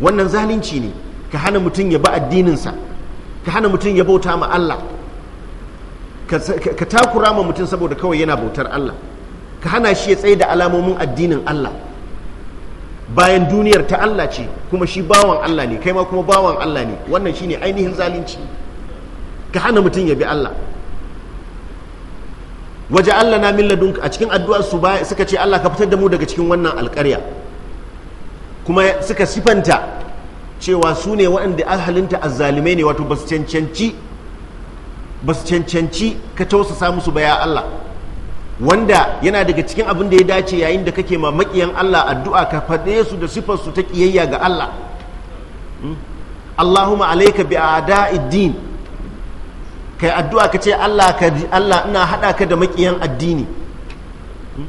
wannan zalunci ne ka hana mutum ya ba addininsa ka hana mutum ya bauta ma Allah ka takura ma mutum saboda kawai yana bautar Allah ka hana shi ya tsaye da alamomin addinin Allah bayan duniyar ta Allah ce kuma shi bawan Allah ne kai ma kuma bawan Allah ne wannan shine ainihin zalunci ka hana mutum ya bi Allah waje Allah na min ladunka a cikin addu'ar su suka ce Allah ka fitar da mu daga cikin wannan alƙarya kuma suka sifanta cewa su ne waɗanda ahalinta azzalimai ne wato ba su cancanci ba cancanci ka tausasa musu baya Allah wanda yana daga cikin abin da ya dace yayin da kake ma makiyan Allah addu'a ka faɗe su da sifar su ta kiyayya ga Allah hmm? Allahumma alayka bi a'da'id din kai addu'a ka ce Allah ka Allah ina hada ka da makiyan addini hmm?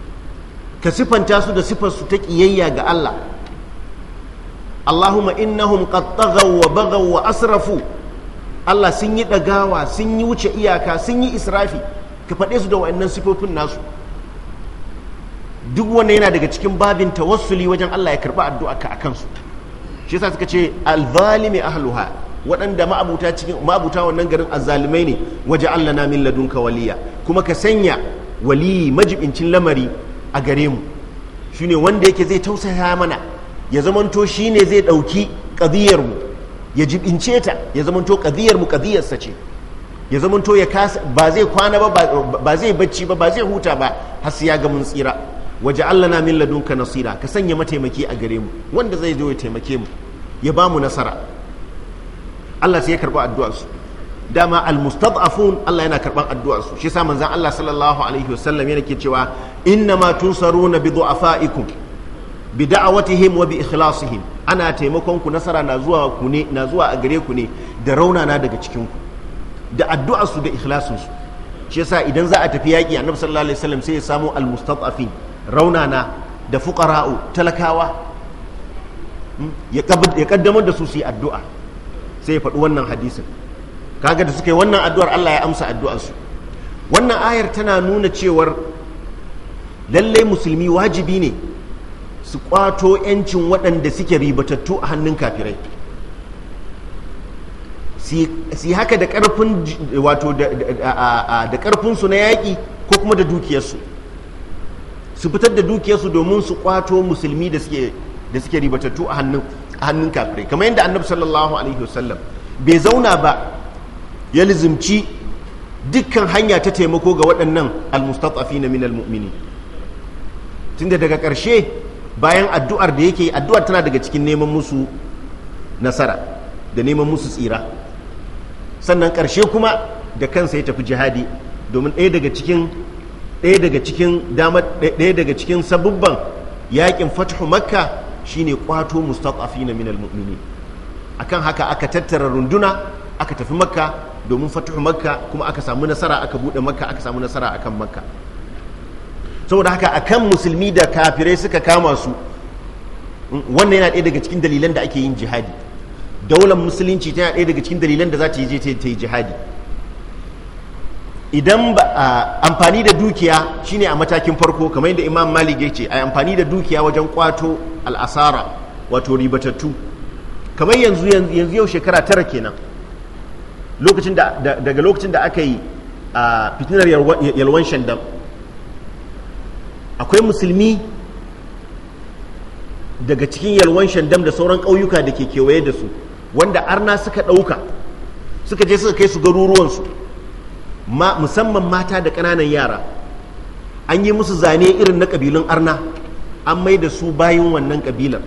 ka sifanta su da sifar su ta kiyayya ga Allah Allahumma innahum qad taghaw wa baghaw wa asrafu Allah sun yi dagawa sun yi wuce iyaka sun yi israfi ka faɗe su da wa'annan sifofin nasu duk wanda yana daga cikin babin tawassuli wajen Allah ya karɓi addu'a ka akan su shi yasa suka ce alzalimi ahluha waɗanda ma'abuta cikin ma'abuta wannan garin azzalimai ne waje Allah na min ladunka waliya kuma ka sanya wali majibincin lamari a gare mu shine wanda yake zai tausaya mana ya zamanto shine zai ɗauki ƙadiyar mu ya jibince ta ya zamanto ƙadiyar mu ƙadiyarsa ce ya zamanto ya kasa ba zai kwana ba ba zai bacci ba ba zai huta ba har sai ya ga mun tsira waje Allah na min ladunka nasira ka sanya mataimaki a gare mu wanda zai zo ya taimake mu ya ba mu nasara Allah sai ya karba addu'ar su dama almustad'afun Allah yana karban addu'ar su shi yasa manzon Allah sallallahu alaihi wasallam yana ke cewa inna ma tunsaruna bi du'afaikum bi da'awatihim wa bi ikhlasihim ana taimakon ku nasara na zuwa ku ne na zuwa a gare ku ne da raunana daga cikin ku da addu'arsu da ikhlasinsu shi yasa idan za a tafi yaƙi annabi sallallahu alaihi wasallam sai ya samu almustatafin raunana da fuqara'u talakawa hmm? ya kaddamar da su su yi addu'a sai ya faɗi wannan hadisin kaga da suka yi wannan addu'ar Allah ya amsa addu'arsu wannan ayar tana nuna cewar lallai musulmi wajibi ne su kwato 'yancin waɗanda suke ribatattu a hannun kafirai su haka da karfin wato da karfinsu na yaƙi ko kuma da dukiyarsu su fitar da dukiyarsu domin su kwato musulmi da suke ribatattu a hannun kafirai kamar yadda annabi sallallahu alaihi wasallam bai zauna ba ya lizimci dukkan hanya ta taimako ga waɗannan almustafafi na minal mu'mini tunda daga ƙarshe bayan addu'ar da yake addu'ar tana daga cikin neman musu nasara da neman musu tsira sannan ƙarshe kuma da kansa ya tafi jihadi domin ɗaya daga cikin ɗaya daga cikin damar ɗaya daga cikin sabubban yakin fathu makka shine kwato na minal mu'mini akan haka aka tattara runduna aka tafi makka domin fatihu makka kuma aka samu nasara aka buɗe makka aka samu nasara akan makka saboda haka akan musulmi da kafirai suka kama su wannan yana ɗaya daga cikin dalilan da ake yin jihadi daular musulunci tana ɗaya daga cikin dalilan da za ta yi ta yi jihadi idan ba amfani da dukiya shine a matakin farko kamar yadda imam malik ya ce a amfani da dukiya wajen kwato al'asara wato ribatattu kamar yanzu yanzu yau shekara tara kenan lokacin da daga lokacin da aka yi a fitinar yalwan shandam akwai musulmi daga cikin yalwan shandam da sauran ƙauyuka da ke kewaye da su wanda arna suka ɗauka suka je suka kai su garuruwansu musamman mata da ƙananan yara an yi musu zane irin na ƙabilun arna an mai da su bayan wannan ƙabilar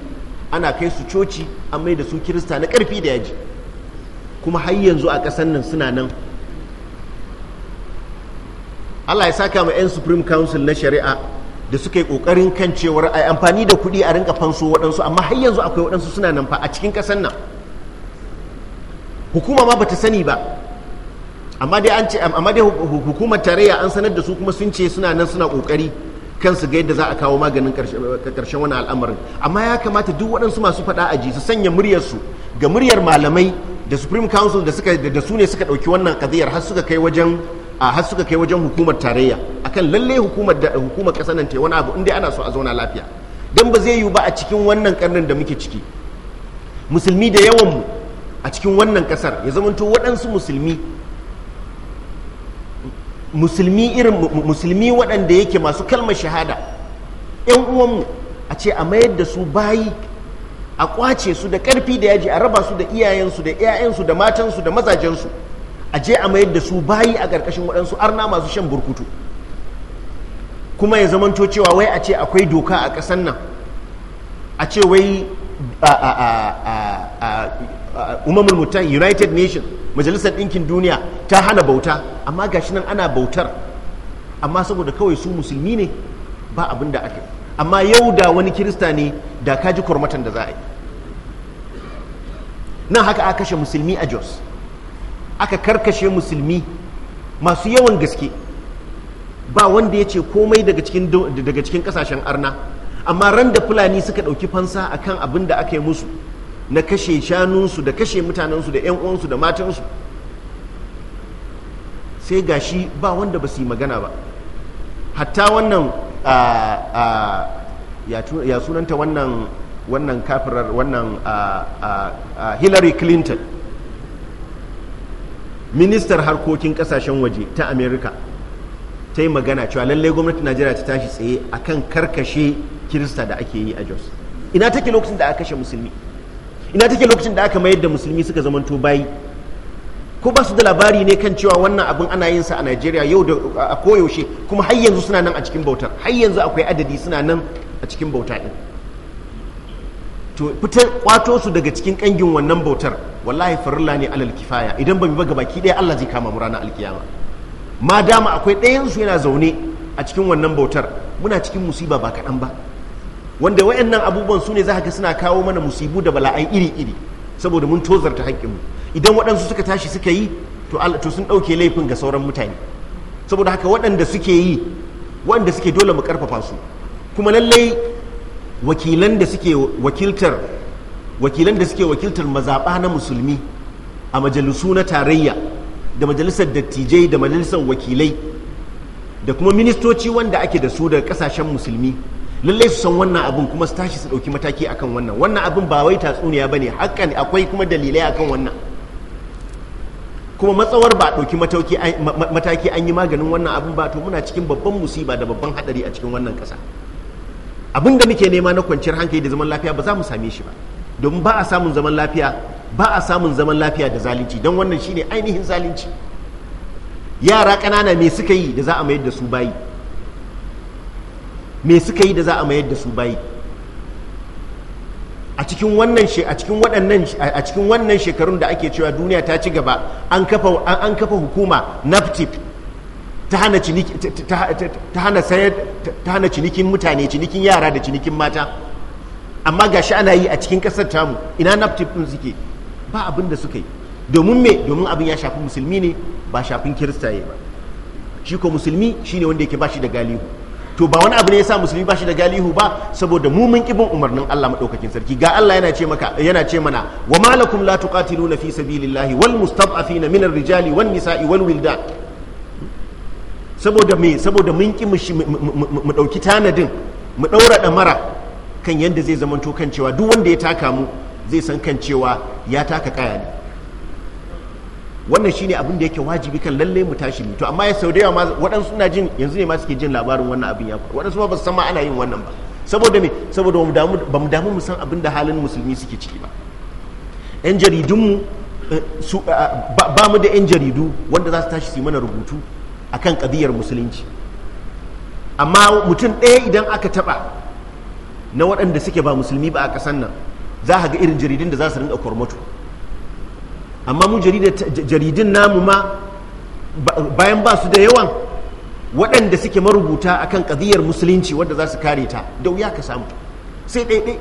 ana kai su coci an mai da su kirista na ƙarfi da yaji kuma har yanzu a ƙasar nan suna nan allah ya saka ma 'yan supreme council na shari'a da suka yi ƙoƙarin kan cewar a amfani da kuɗi a rinka fanso waɗansu amma har yanzu akwai waɗansu suna nan fa a cikin ƙasar nan hukuma ma bata sani ba amma dai an ce amma dai hukumar tarayya an sanar da su kuma sun ce suna nan suna kokari kansu ga yadda za a kawo maganin karshen wani al'amarin amma ya kamata duk waɗansu masu faɗa aji su sanya muryarsu ga muryar malamai da supreme council da suka da su ne suka ɗauki wannan kadiyar har suka kai wajen har suka kai wajen hukumar tarayya akan lalle hukumar da hukumar ƙasar nan ta wani abu inda ana so a zauna lafiya dan ba zai yiwu ba a cikin wannan karnin da muke ciki musulmi da yawan mu a cikin wannan kasar ya zamanto waɗansu musulmi musulmi irin musulmi waɗanda yake masu kalmar shahada yan uwanmu a ce a mayar da su bayi a kwace su da ƙarfi da yaji a raba su da iyayensu da iyayensu da matansu da mazajensu a je a mayar da su bayi a ƙarƙashin waɗansu arna masu shan burkutu kuma ya zamanto cewa wai a ce akwai doka a ƙasan nan a ce wai umamul mutan united nation majalisar ɗinkin duniya ta hana bauta amma gashi nan ana bautar amma saboda kawai su musulmi ne ba abin da ake amma yau da wani kirista ne da kaji kwarmatan da za a yi nan haka aka kashe musulmi a jos aka karkashe musulmi masu yawan gaske ba wanda ya ce komai daga cikin ƙasashen arna amma ran da fulani suka ɗauki fansa a kan abin da aka yi musu na kashe shanunsu da kashe mutanensu da 'yan uwansu da matansu sai gashi ba wanda ba su yi magana ba hatta wannan ya sunanta wannan wannan kafirar wannan hillary clinton ministar harkokin kasashen waje ta america ta yi magana cewa lallai gwamnatin najeriya ta tashi tsaye akan karkashe kirista da ake yi a jos ina take lokacin da aka kashe musulmi ina take lokacin da aka mayar da musulmi suka zamanto bayi ko ba su da labari ne kan cewa wannan abin ana yin sa a Najeriya yau da a koyaushe kuma har yanzu suna nan a cikin bautar har yanzu akwai adadi suna nan a cikin bauta din to fitar kwato su daga cikin kangin wannan bautar wallahi farilla ne alal kifaya idan ba mu ba gabaki ɗaya Allah zai kama mu ranar alkiyama ma dama akwai ɗayan su yana zaune a cikin wannan bautar muna cikin musiba ba kaɗan ba wanda wayannan abubuwan su ne za ka suna kawo mana musibu da bala'ai iri-iri saboda mun tozarta haƙƙinmu idan waɗansu suka tashi suka yi to sun ɗauke laifin ga sauran mutane saboda haka waɗanda suke yi waɗanda suke dole mu ƙarfafa su kuma lallai wakilan da suke wakiltar wakilan da suke wakiltar mazaɓa na musulmi a majalisu na tarayya da majalisar dattijai da majalisar wakilai da kuma ministoci wanda ake da su daga kasashen musulmi lallai su san wannan abin kuma su tashi su ɗauki mataki akan wannan wannan abin ba wai tatsuniya ba ne hakan akwai kuma dalilai akan wannan kuma matsawar ba ɗauki mataki an yi maganin wannan abin ba to muna cikin babban musiba da babban haɗari a cikin wannan ƙasa abin da muke nema na kwanciyar hankali da zaman lafiya ba za mu same shi ba domin ba a samun zaman lafiya ba a samun zaman lafiya da zalunci don wannan shine ainihin zalunci yara ƙanana me suka yi da za a mayar da su bayi me suka yi da za a mayar da su bayi a cikin wannan a cikin waɗannan a cikin wannan shekarun da ake cewa duniya ta ci gaba an kafa an kafa hukuma naftip ta hana ciniki ta hana sayar ta hana cinikin mutane cinikin yara da cinikin mata amma gashi ana yi a cikin ƙasar tamu ina naftip din suke ba abin da suka yi domin me domin abin ya shafi musulmi ne ba shafin kiristaye ba shi ko musulmi shine wanda yake bashi da galihu to ba wani abu ne yasa musulmi ba shi da galihu ba saboda mu mun kibin umarnin Allah madaukakin sarki ga Allah yana ce maka yana ce mana wa malakum la tuqatiluna fi sabilillahi wal mustad'afina min ar-rijali wan nisa'i wal wildan saboda me saboda mun ki mu dauki tanadin mu daura mara kan yanda zai zamanto kan cewa duk wanda ya taka mu zai san kan cewa ya taka kaya ne wannan shine abin da yake wajibi kan lalle mu tashi to amma ya saudaya ma wadan waɗansu suna jin yanzu ne ma suke jin labarin wannan abin ya faru waɗansu ma ba su san ma ana yin wannan ba saboda me saboda ba mu damu mu san abin da halin musulmi suke ciki ba yan eh, su ba mu da yan jaridu wanda za su tashi su mana rubutu akan kadiyar musulunci amma mutum ɗaya idan aka taɓa na waɗanda suke ba musulmi ba a ƙasar nan za ga irin jaridun da za su rinka kwarmatu amma mu jaridun namu ma bayan ba su da yawan waɗanda suke marubuta akan ƙaziyar musulunci wadda za su kare ta da wuya ka samu sai ɗaiɗai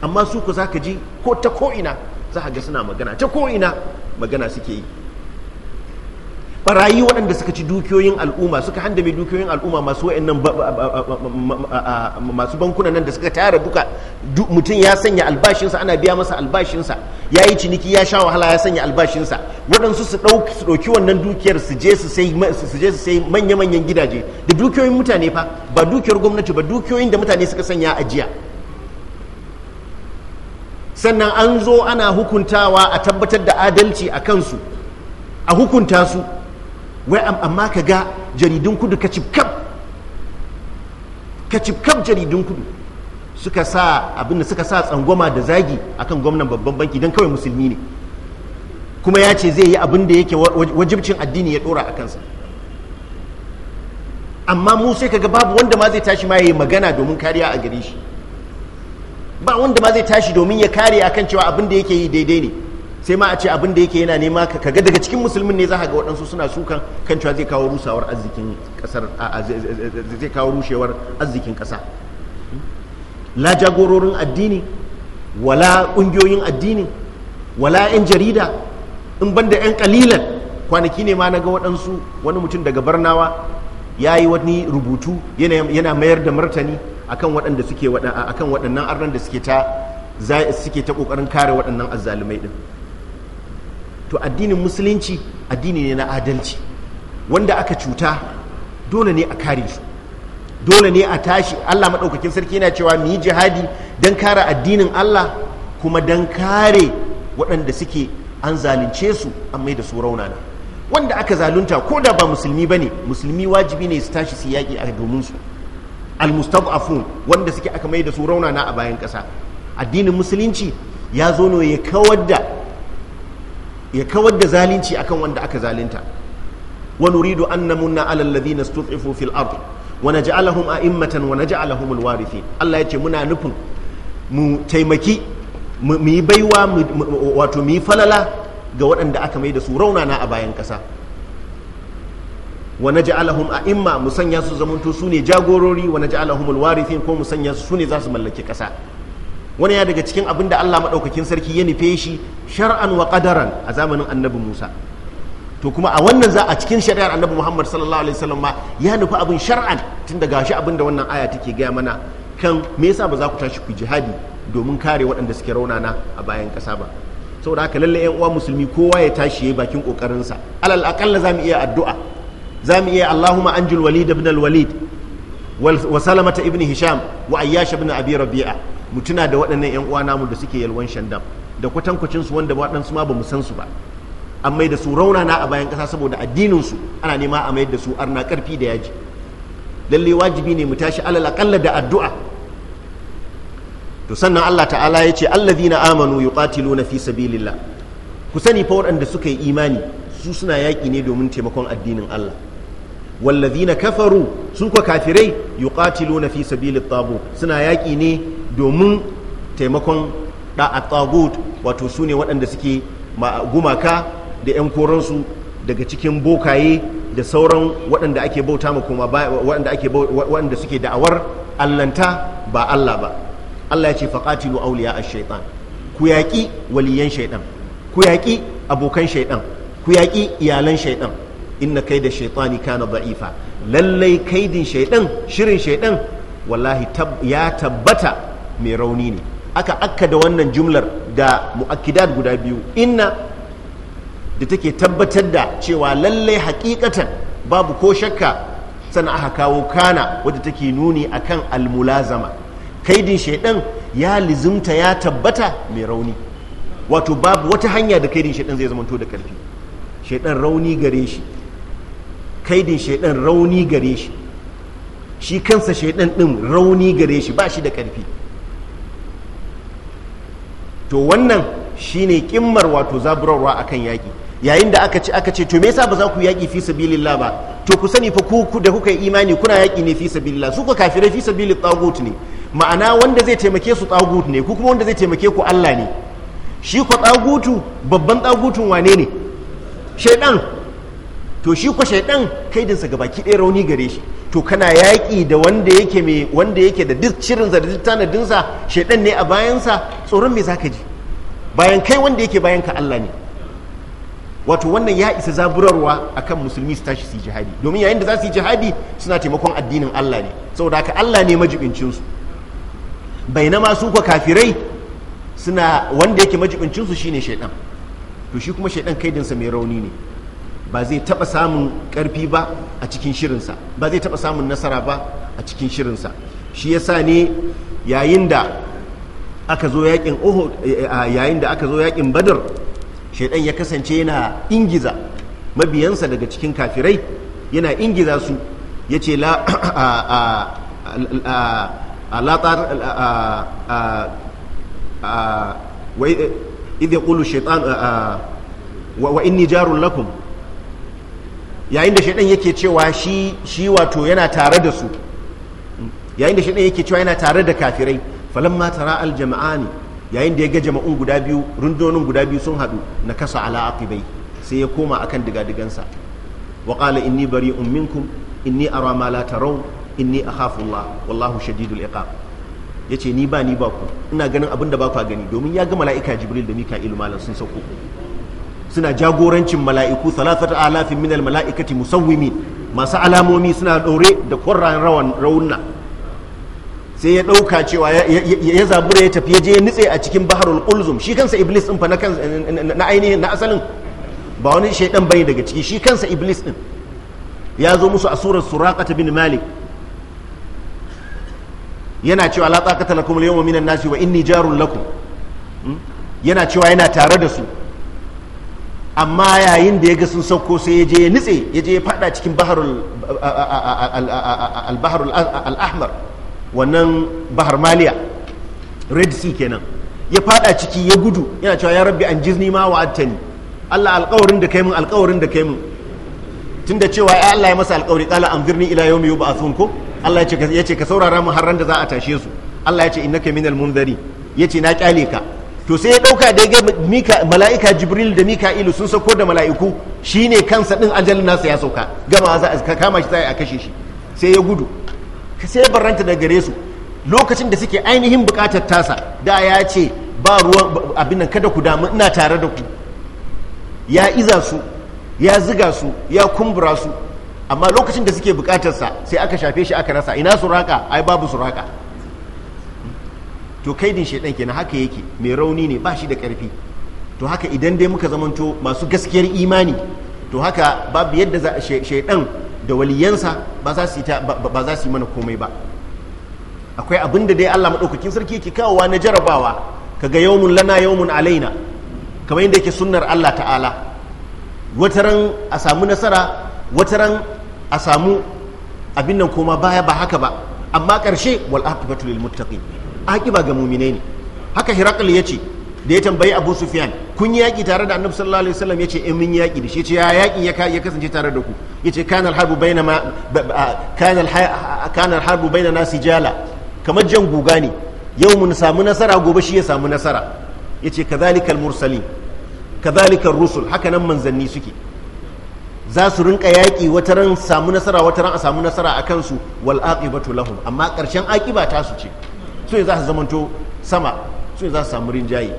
amma su ku za ka ji ko ta ko'ina za ka ga suna magana ta ko'ina magana suke yi barayi waɗanda suka ci dukiyoyin al'umma suka handame dukiyoyin al'umma masu wa'annan masu bankuna nan da suka tara duka mutum ya sanya albashinsa ana biya masa albashinsa ya yi ciniki ya sha wahala ya sanya albashinsa waɗansu su ɗauki wannan dukiyar su je su sai manya-manyan gidaje da dukiyoyin mutane fa ba dukiyar gwamnati ba dukiyoyin da mutane suka sanya ajiya sannan an zo ana hukuntawa a tabbatar da adalci a kansu a hukunta su wai amma ka ga jaridun kudu ka cifkab ka jaridun kudu suka sa abinda suka sa tsangwama da zagi akan gwamnan babban banki don kawai musulmi ne kuma ya ce zai yi abin yake wajibcin addini ya dora a kansa amma mu sai ga babu wanda ma zai tashi ma ya yi magana domin kariya a gare shi ba wanda ma zai tashi domin ya kare akan cewa abin da yake yi daidai ne sai ma a ce abin da yake yana nema ka ga daga cikin musulmin ne za ga waɗansu suna sukan kan cewa zai kawo rusawar arzikin kasar zai kawo rushewar arzikin ƙasa la jagororin addini wala ƙungiyoyin addini wala 'yan jarida in banda 'yan kalilan kwanaki ne ma na ga waɗansu wani mutum daga barnawa ya yi wani rubutu yana mayar da martani akan waɗanda waɗannan arnan da suke ta suke ta ƙoƙarin kare waɗannan azzalumai ɗin to addinin musulunci addini ne na adalci wanda aka cuta dole ne a kare su dole ne a tashi Allah maɗaukakin sarki yana cewa mu yi jihadi don kare addinin Allah kuma don kare waɗanda suke an zalunce su an mai da su raunana wanda aka zalunta ko da ba musulmi ba ne musulmi wajibi ne su tashi su yaƙi a domin su almustad'afun wanda suke aka mai da su raunana a bayan ƙasa addinin musulunci ya zo ne ya kawar da ya kawar da zalunci akan wanda aka zalunta wa nuridu an namunna ala alladhina istud'ifu fil ard wa naj'alahum a'immatan wa naj'alahum alwarithin Allah yace muna nufin mu taimaki mu yi baiwa wato mu yi falala ga waɗanda aka mai da su raunana a bayan ƙasa wa naj'alahum a'imma mu sanya su zamanto su ne jagorori wa naj'alahum alwarithin ko mu sanya su ne za su mallaki ƙasa wani ya daga cikin abin da Allah maɗaukakin sarki ya nufe shi shar'an wa a zamanin annabi Musa to kuma a wannan za a cikin shari'ar annabi Muhammad sallallahu alaihi wasallam ma ya nufi abin shar'an tun da gashi abin da wannan aya take gaya mana kan me yasa ba za ku tashi ku jihadi domin kare waɗanda suke raunana a bayan ƙasa ba saboda haka lalle yan uwa musulmi kowa ya tashi ya bakin kokarin sa alal aqalla zamu iya addu'a zamu iya Allahumma anjil walid ibn al-walid wa salamata ibn hisham wa ayyash ibn abi rabi'a mu tuna da waɗannan 'yan uwa namu da suke yalwan shandam da kwatankwacin su wanda waɗansu ma ba mu san su ba amma mai da su raunana a bayan ƙasa saboda addinin su ana nema a mayar da su arna ƙarfi da yaji lalle wajibi ne mu tashi alal aƙalla da addu'a to sannan Allah ta'ala ya ce allazina amanu yuqatiluna fi sabilillah ku sani fa waɗanda suka yi imani su suna yaƙi ne domin taimakon addinin Allah wallazina kafaru su ko kafirai yuqatiluna fi sabilit tabu suna yaƙi ne domin taimakon da'at-tagut wato su ne waɗanda suke gumaka da 'yan koransu daga cikin bokaye da sauran waɗanda ake bauta ma kuma waɗanda ake waɗanda suke da'awar allanta ba Allah ba Allah ya ce faqatilu awliya ash-shaytan ku yaƙi waliyan shaiɗan ku yaƙi abokan shaiɗan ku yaƙi iyalan shaiɗan inna kaida shaytani kana da'ifa lallai kaidin shaiɗan shirin shaiɗan wallahi ya tabbata mai rauni ne aka akka da wannan jumlar da mu'akkidat guda biyu inna da take tabbatar da cewa lallai hakikatan babu ko shakka sana aka kawo kana wadda take nuni akan almulazama kaidin shaidan ya lizimta ya tabbata mai rauni wato babu wata hanya da kaidin shaidan zai zamanto da karfi shaidan rauni gare shi kaidin shaidan rauni gare shi shi kansa shaidan din rauni gare shi ba shi da karfi to wannan shine kimmar wato zaburarwa akan yaƙi yayin da aka ce aka ce to me yasa ba za ku yaƙi fi sabilillah ba to ku sani fa ku da kuka yi imani kuna yaƙi ne fi sabilillah su ku kafirai fi sabilillah tagut ne ma'ana wanda zai taimake su tagut ne ku kuma wanda zai taimake ku Allah ne shi ku tagutu babban tagutun wane ne shaidan to shi ku shaidan kaidinsa baki ɗaya rauni gare shi to kana yaƙi da wanda yake mai wanda yake da duk shirinsa da duk tanadinsa shaidan ne a bayansa tsoron me zaka ji bayan kai wanda yake bayan ka Allah ne wato wannan ya isa zaburarwa akan musulmi su tashi su jihadi domin yayin da za su yi jihadi suna taimakon addinin Allah ne saboda haka Allah ne majibincin su bainama su kwa kafirai suna wanda yake majibincin su shine shaidan to shi kuma shaidan kaidinsa mai rauni ne ba zai taɓa samun ƙarfi ba a cikin shirinsa ba zai taɓa samun nasara ba a cikin shirinsa shi ya sa ne yayin da aka zo yakin eh, eh, yayin da aka zo yakin badar shaidan ya kasance yana ingiza mabiyansa daga cikin kafirai yana ingiza su ya ce la a a wa inni jarun lakum yayin da shaidan yake cewa shi wato yana tare da su yayin da shaidan yake cewa yana tare da kafirai falon matara aljama'a ne yayin da ya ga jama'un guda biyu rundunonin guda biyu sun haɗu na kasa ala bai sai ya koma akan digadigansa wa qala inni bari'un minkum inni ara ma la inni a hafunla wallahu shadidul iqab yace ni ba ni ba ku ina ganin abin da ba ku gani domin ya ga mala'ika Jibril da Mika'ilu malam sun sauko suna jagorancin mala'iku salasata alafin minal mala'ikati musawwimin masu alamomi suna ɗaure da kwarran rawan raunna sai ya ɗauka cewa ya zabura ya tafi ya je nitse a cikin baharul ƙulzum shi kansa iblis ɗin fa na ainihin na asalin ba wani shaidan bane daga ciki shi kansa iblis ɗin ya zo musu a surar suraqata bin malik yana cewa la taqata lakum al-yawma minan nasi wa inni jarun lakum hmm? yana cewa yana tare da su amma yayin da ya ga sun sauko sai ya je ya nitse ya je ya fada cikin bahar al al'ahmar wannan bahar maliya red sea kenan ya fada ciki ya gudu yana cewa ya rabbi an jizni ma wa attani allah alƙawarin da kai mun alƙawarin da kai mun tun da cewa ya allah ya masa alƙawari kala an zirni ila yau mai yau ba a ko allah ya ce ka saurara mu har da za a tashe su allah ya ce innaka minal munzari ya ce na kyale ka to sai ya dauka da ga mala'ika jibril da mika'ilu sun sauko da mala'iku shine kansa din ajalin nasa ya sauka gama za a kama shi a kashe shi sai ya gudu sai ya barranta da gare su lokacin da suke ainihin bukatar tasa da ya ce ba ruwan abin nan kada ku damu ina tare da ku ya iza su ya ziga su ya kumbura su amma lokacin da suke bukatarsa sai aka shafe shi aka rasa ina suraka ai babu suraka to kaidin shaidan kenan haka yake mai rauni ne ba shi da karfi to haka idan dai muka zamanto masu gaskiyar imani to haka babu yadda za shaidan da waliyansa ba za su yi mana komai ba akwai abin da dai Allah madaukakin sarki yake kawowa na jarabawa kaga yawmun lana yawmun alaina kamar yadda yake sunnar Allah ta'ala wataran a samu nasara wataran a samu abin nan koma baya ba haka ba amma karshe wal aqibatu lil muttaqin akiba ga muminai ne haka hirakal ya ce da ya tambayi abu sufyan kun yi yaƙi tare da annabi sallallahu alaihi wasallam ya ce in eh, mun yaƙi da shi ce ya yaƙi ya kasance tare da ku ya ce kana baina ma kana alharbu baina kamar jan guga ne yau mun samu nasara gobe shi ya samu nasara ya ce kazalikal mursalin kazalikal rusul haka nan manzanni suke za su rinka yaƙi wata ran samu nasara wata ran a samu nasara a kansu wal aqibatu lahum amma ƙarshen aƙiba ta su ce su za su zamanto sama su za su samu rinjaye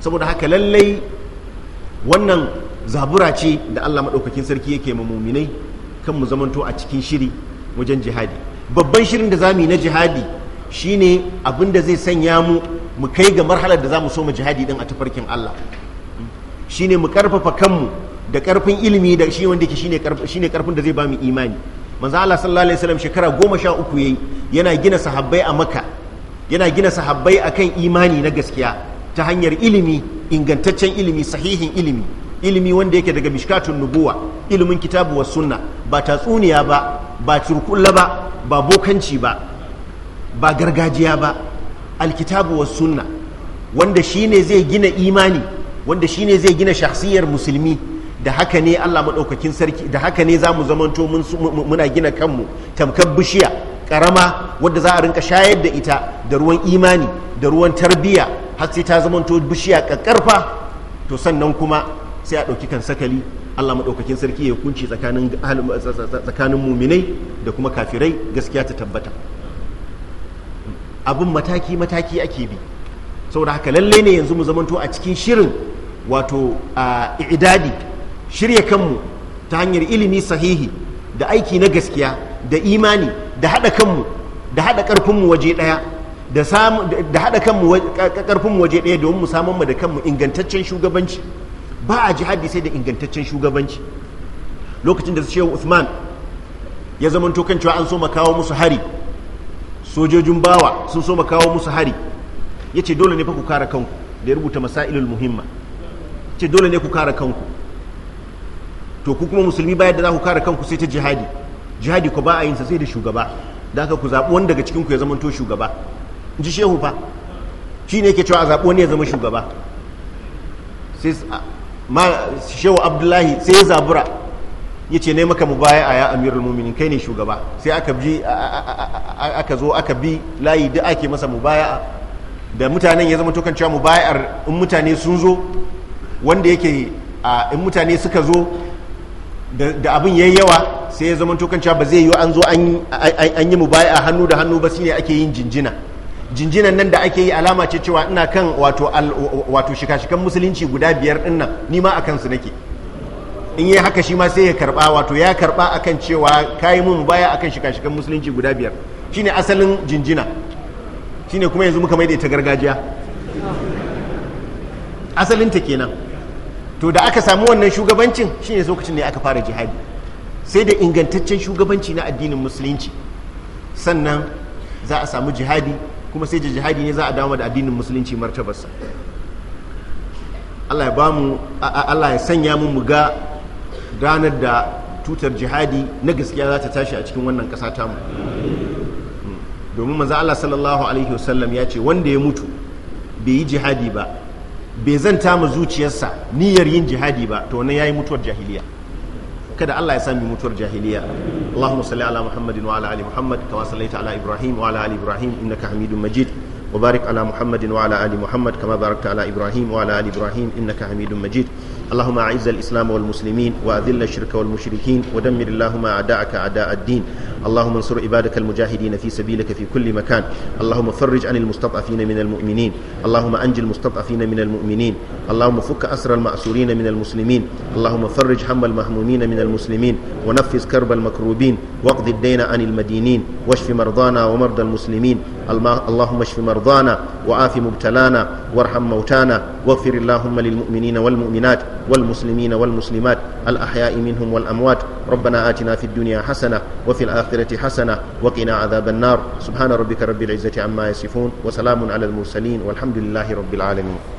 saboda haka lallai wannan zabura ce da Allah maɗaukakin sarki yake ma muminai kan mu zamanto a cikin shiri wajen jihadi babban shirin da zamu yi na jihadi shine abin da zai sanya mu mu kai ga marhalar da za mu so mu jihadi din a tafarkin Allah shine mu karfafa kanmu da karfin ilimi da shi wanda yake shine karfin da zai ba mu imani manzo Allah sallallahu alaihi wasallam shekara goma sha uku yayi yana gina sahabbai a maka yana gina sahabbai akan imani na gaskiya ta hanyar ilimi ingantaccen ilimi sahihin ilimi ilimi wanda yake daga mishkatun nubuwa ilimin kitabu wa sunna ba tatsuniya ba ba turkulla ba ba bokanci ba ba gargajiya ba alkitabu wa sunna wanda shine zai gina imani wanda shine zai gina shakhsiyar musulmi da haka ne Allah maɗaukakin sarki da haka ne za mu zamanto muna gina kanmu tamkar bishiya ƙarama wadda za a rinka shayar da ita da ruwan imani da ruwan tarbiyya har sai ta zamanto bishiya ƙaƙƙarfa to sannan kuma sai a ɗauki kan sakali Allah maɗaukakin sarki ya kunci tsakanin muminai da kuma kafirai gaskiya ta tabbata abin mataki-mataki ake bi saboda haka lalle ne yanzu mu zamanto a cikin shirin wato a idadi shirya kanmu ta hanyar ilimi sahihi da aiki na gaskiya da imani da haɗa kanmu da haɗa ƙarfinmu waje ɗaya da haɗa kanmu ƙarfinmu waje ɗaya domin mu samun da kanmu ingantaccen shugabanci ba a jihadi sai da ingantaccen shugabanci lokacin da shehu Usman ya zama tokan cewa an so kawo musu hari sojojin bawa sun so kawo musu hari ya ce dole ne fa ku kare kanku da ya rubuta masailul muhimma ce dole ne ku kare kanku to ku kuma musulmi bayan da za ku kare kanku sai ta jihadi jihadi ku ba a yin sa sai da shugaba da aka ku zaɓi wani daga cikin ku ya zama to shugaba in ji shehu fa shi ne ke cewa a zaɓi wani ya zama shugaba sai shehu abdullahi sai ya zabura ya ce ne maka mu baya a ya amirul muminin kai ne shugaba sai aka bi aka zo aka bi layi da ake masa mu baya da mutanen ya zama to kan cewa mu baya'ar in mutane sun zo wanda yake in mutane suka zo da abin ya yi yawa sai ya zama to ba zai yi an zo an yi mu a hannu da hannu ba shine ake yin jinjina jinjinan nan da ake yi alama ce cewa ina kan wato wato shika-shikan musulunci guda biyar din nan ni ma a kansu nake in yi haka shi ma sai ya karba wato ya karba kan cewa kayi mun baya kan shika-shikan musulunci guda biyar shine asalin jinjina shine kuma yanzu muka maida ita gargajiya asalinta kenan to da aka samu wannan shugabancin shine lokacin ne aka fara jihadi sai da ingantaccen shugabanci na addinin musulunci sannan za a samu jihadi kuma sai da jihadi ne za a dawo da addinin musulunci martabarsa Allah ya sanya mu mu ga ranar da tutar jihadi na gaskiya za ta tashi a cikin wannan ta mu hmm. domin manzo Allah sallallahu alaihi wasallam ya ce wanda ya mutu bai yi jihadi ba bai zan ma zuciyarsa niyyar yin jihadi ba to wannan yayi mutuwar jahiliya kada Allah ya sami mutuwar jahiliya Allahumma salli ala Muhammadin wa ala ali Muhammad kama sallaita ala Ibrahim wa ala ali Ibrahim innaka Hamidum Majid wa barik ala Muhammadin wa ala ali Muhammad kama barakta ala Ibrahim wa ala ali Ibrahim innaka Hamidum Majid اللهم أعز الإسلام والمسلمين وأذل الشرك والمشركين ودمر اللهم أعداءك أعداء الدين اللهم انصر عبادك المجاهدين في سبيلك في كل مكان اللهم فرج عن المستضعفين من المؤمنين اللهم أنجي المستضعفين من المؤمنين اللهم فك أسر المأسورين من المسلمين اللهم فرج هم المهمومين من المسلمين ونفذ كرب المكروبين واقض الدين عن المدينين واشف مرضانا ومرضى المسلمين اللهم اشف مرضانا وعاف مبتلانا وارحم موتانا واغفر اللهم للمؤمنين والمؤمنات والمسلمين والمسلمات الأحياء منهم والأموات ربنا آتنا في الدنيا حسنة وفي الآخرة حسنة وقنا عذاب النار سبحان ربك رب العزة عما يصفون وسلام على المرسلين والحمد لله رب العالمين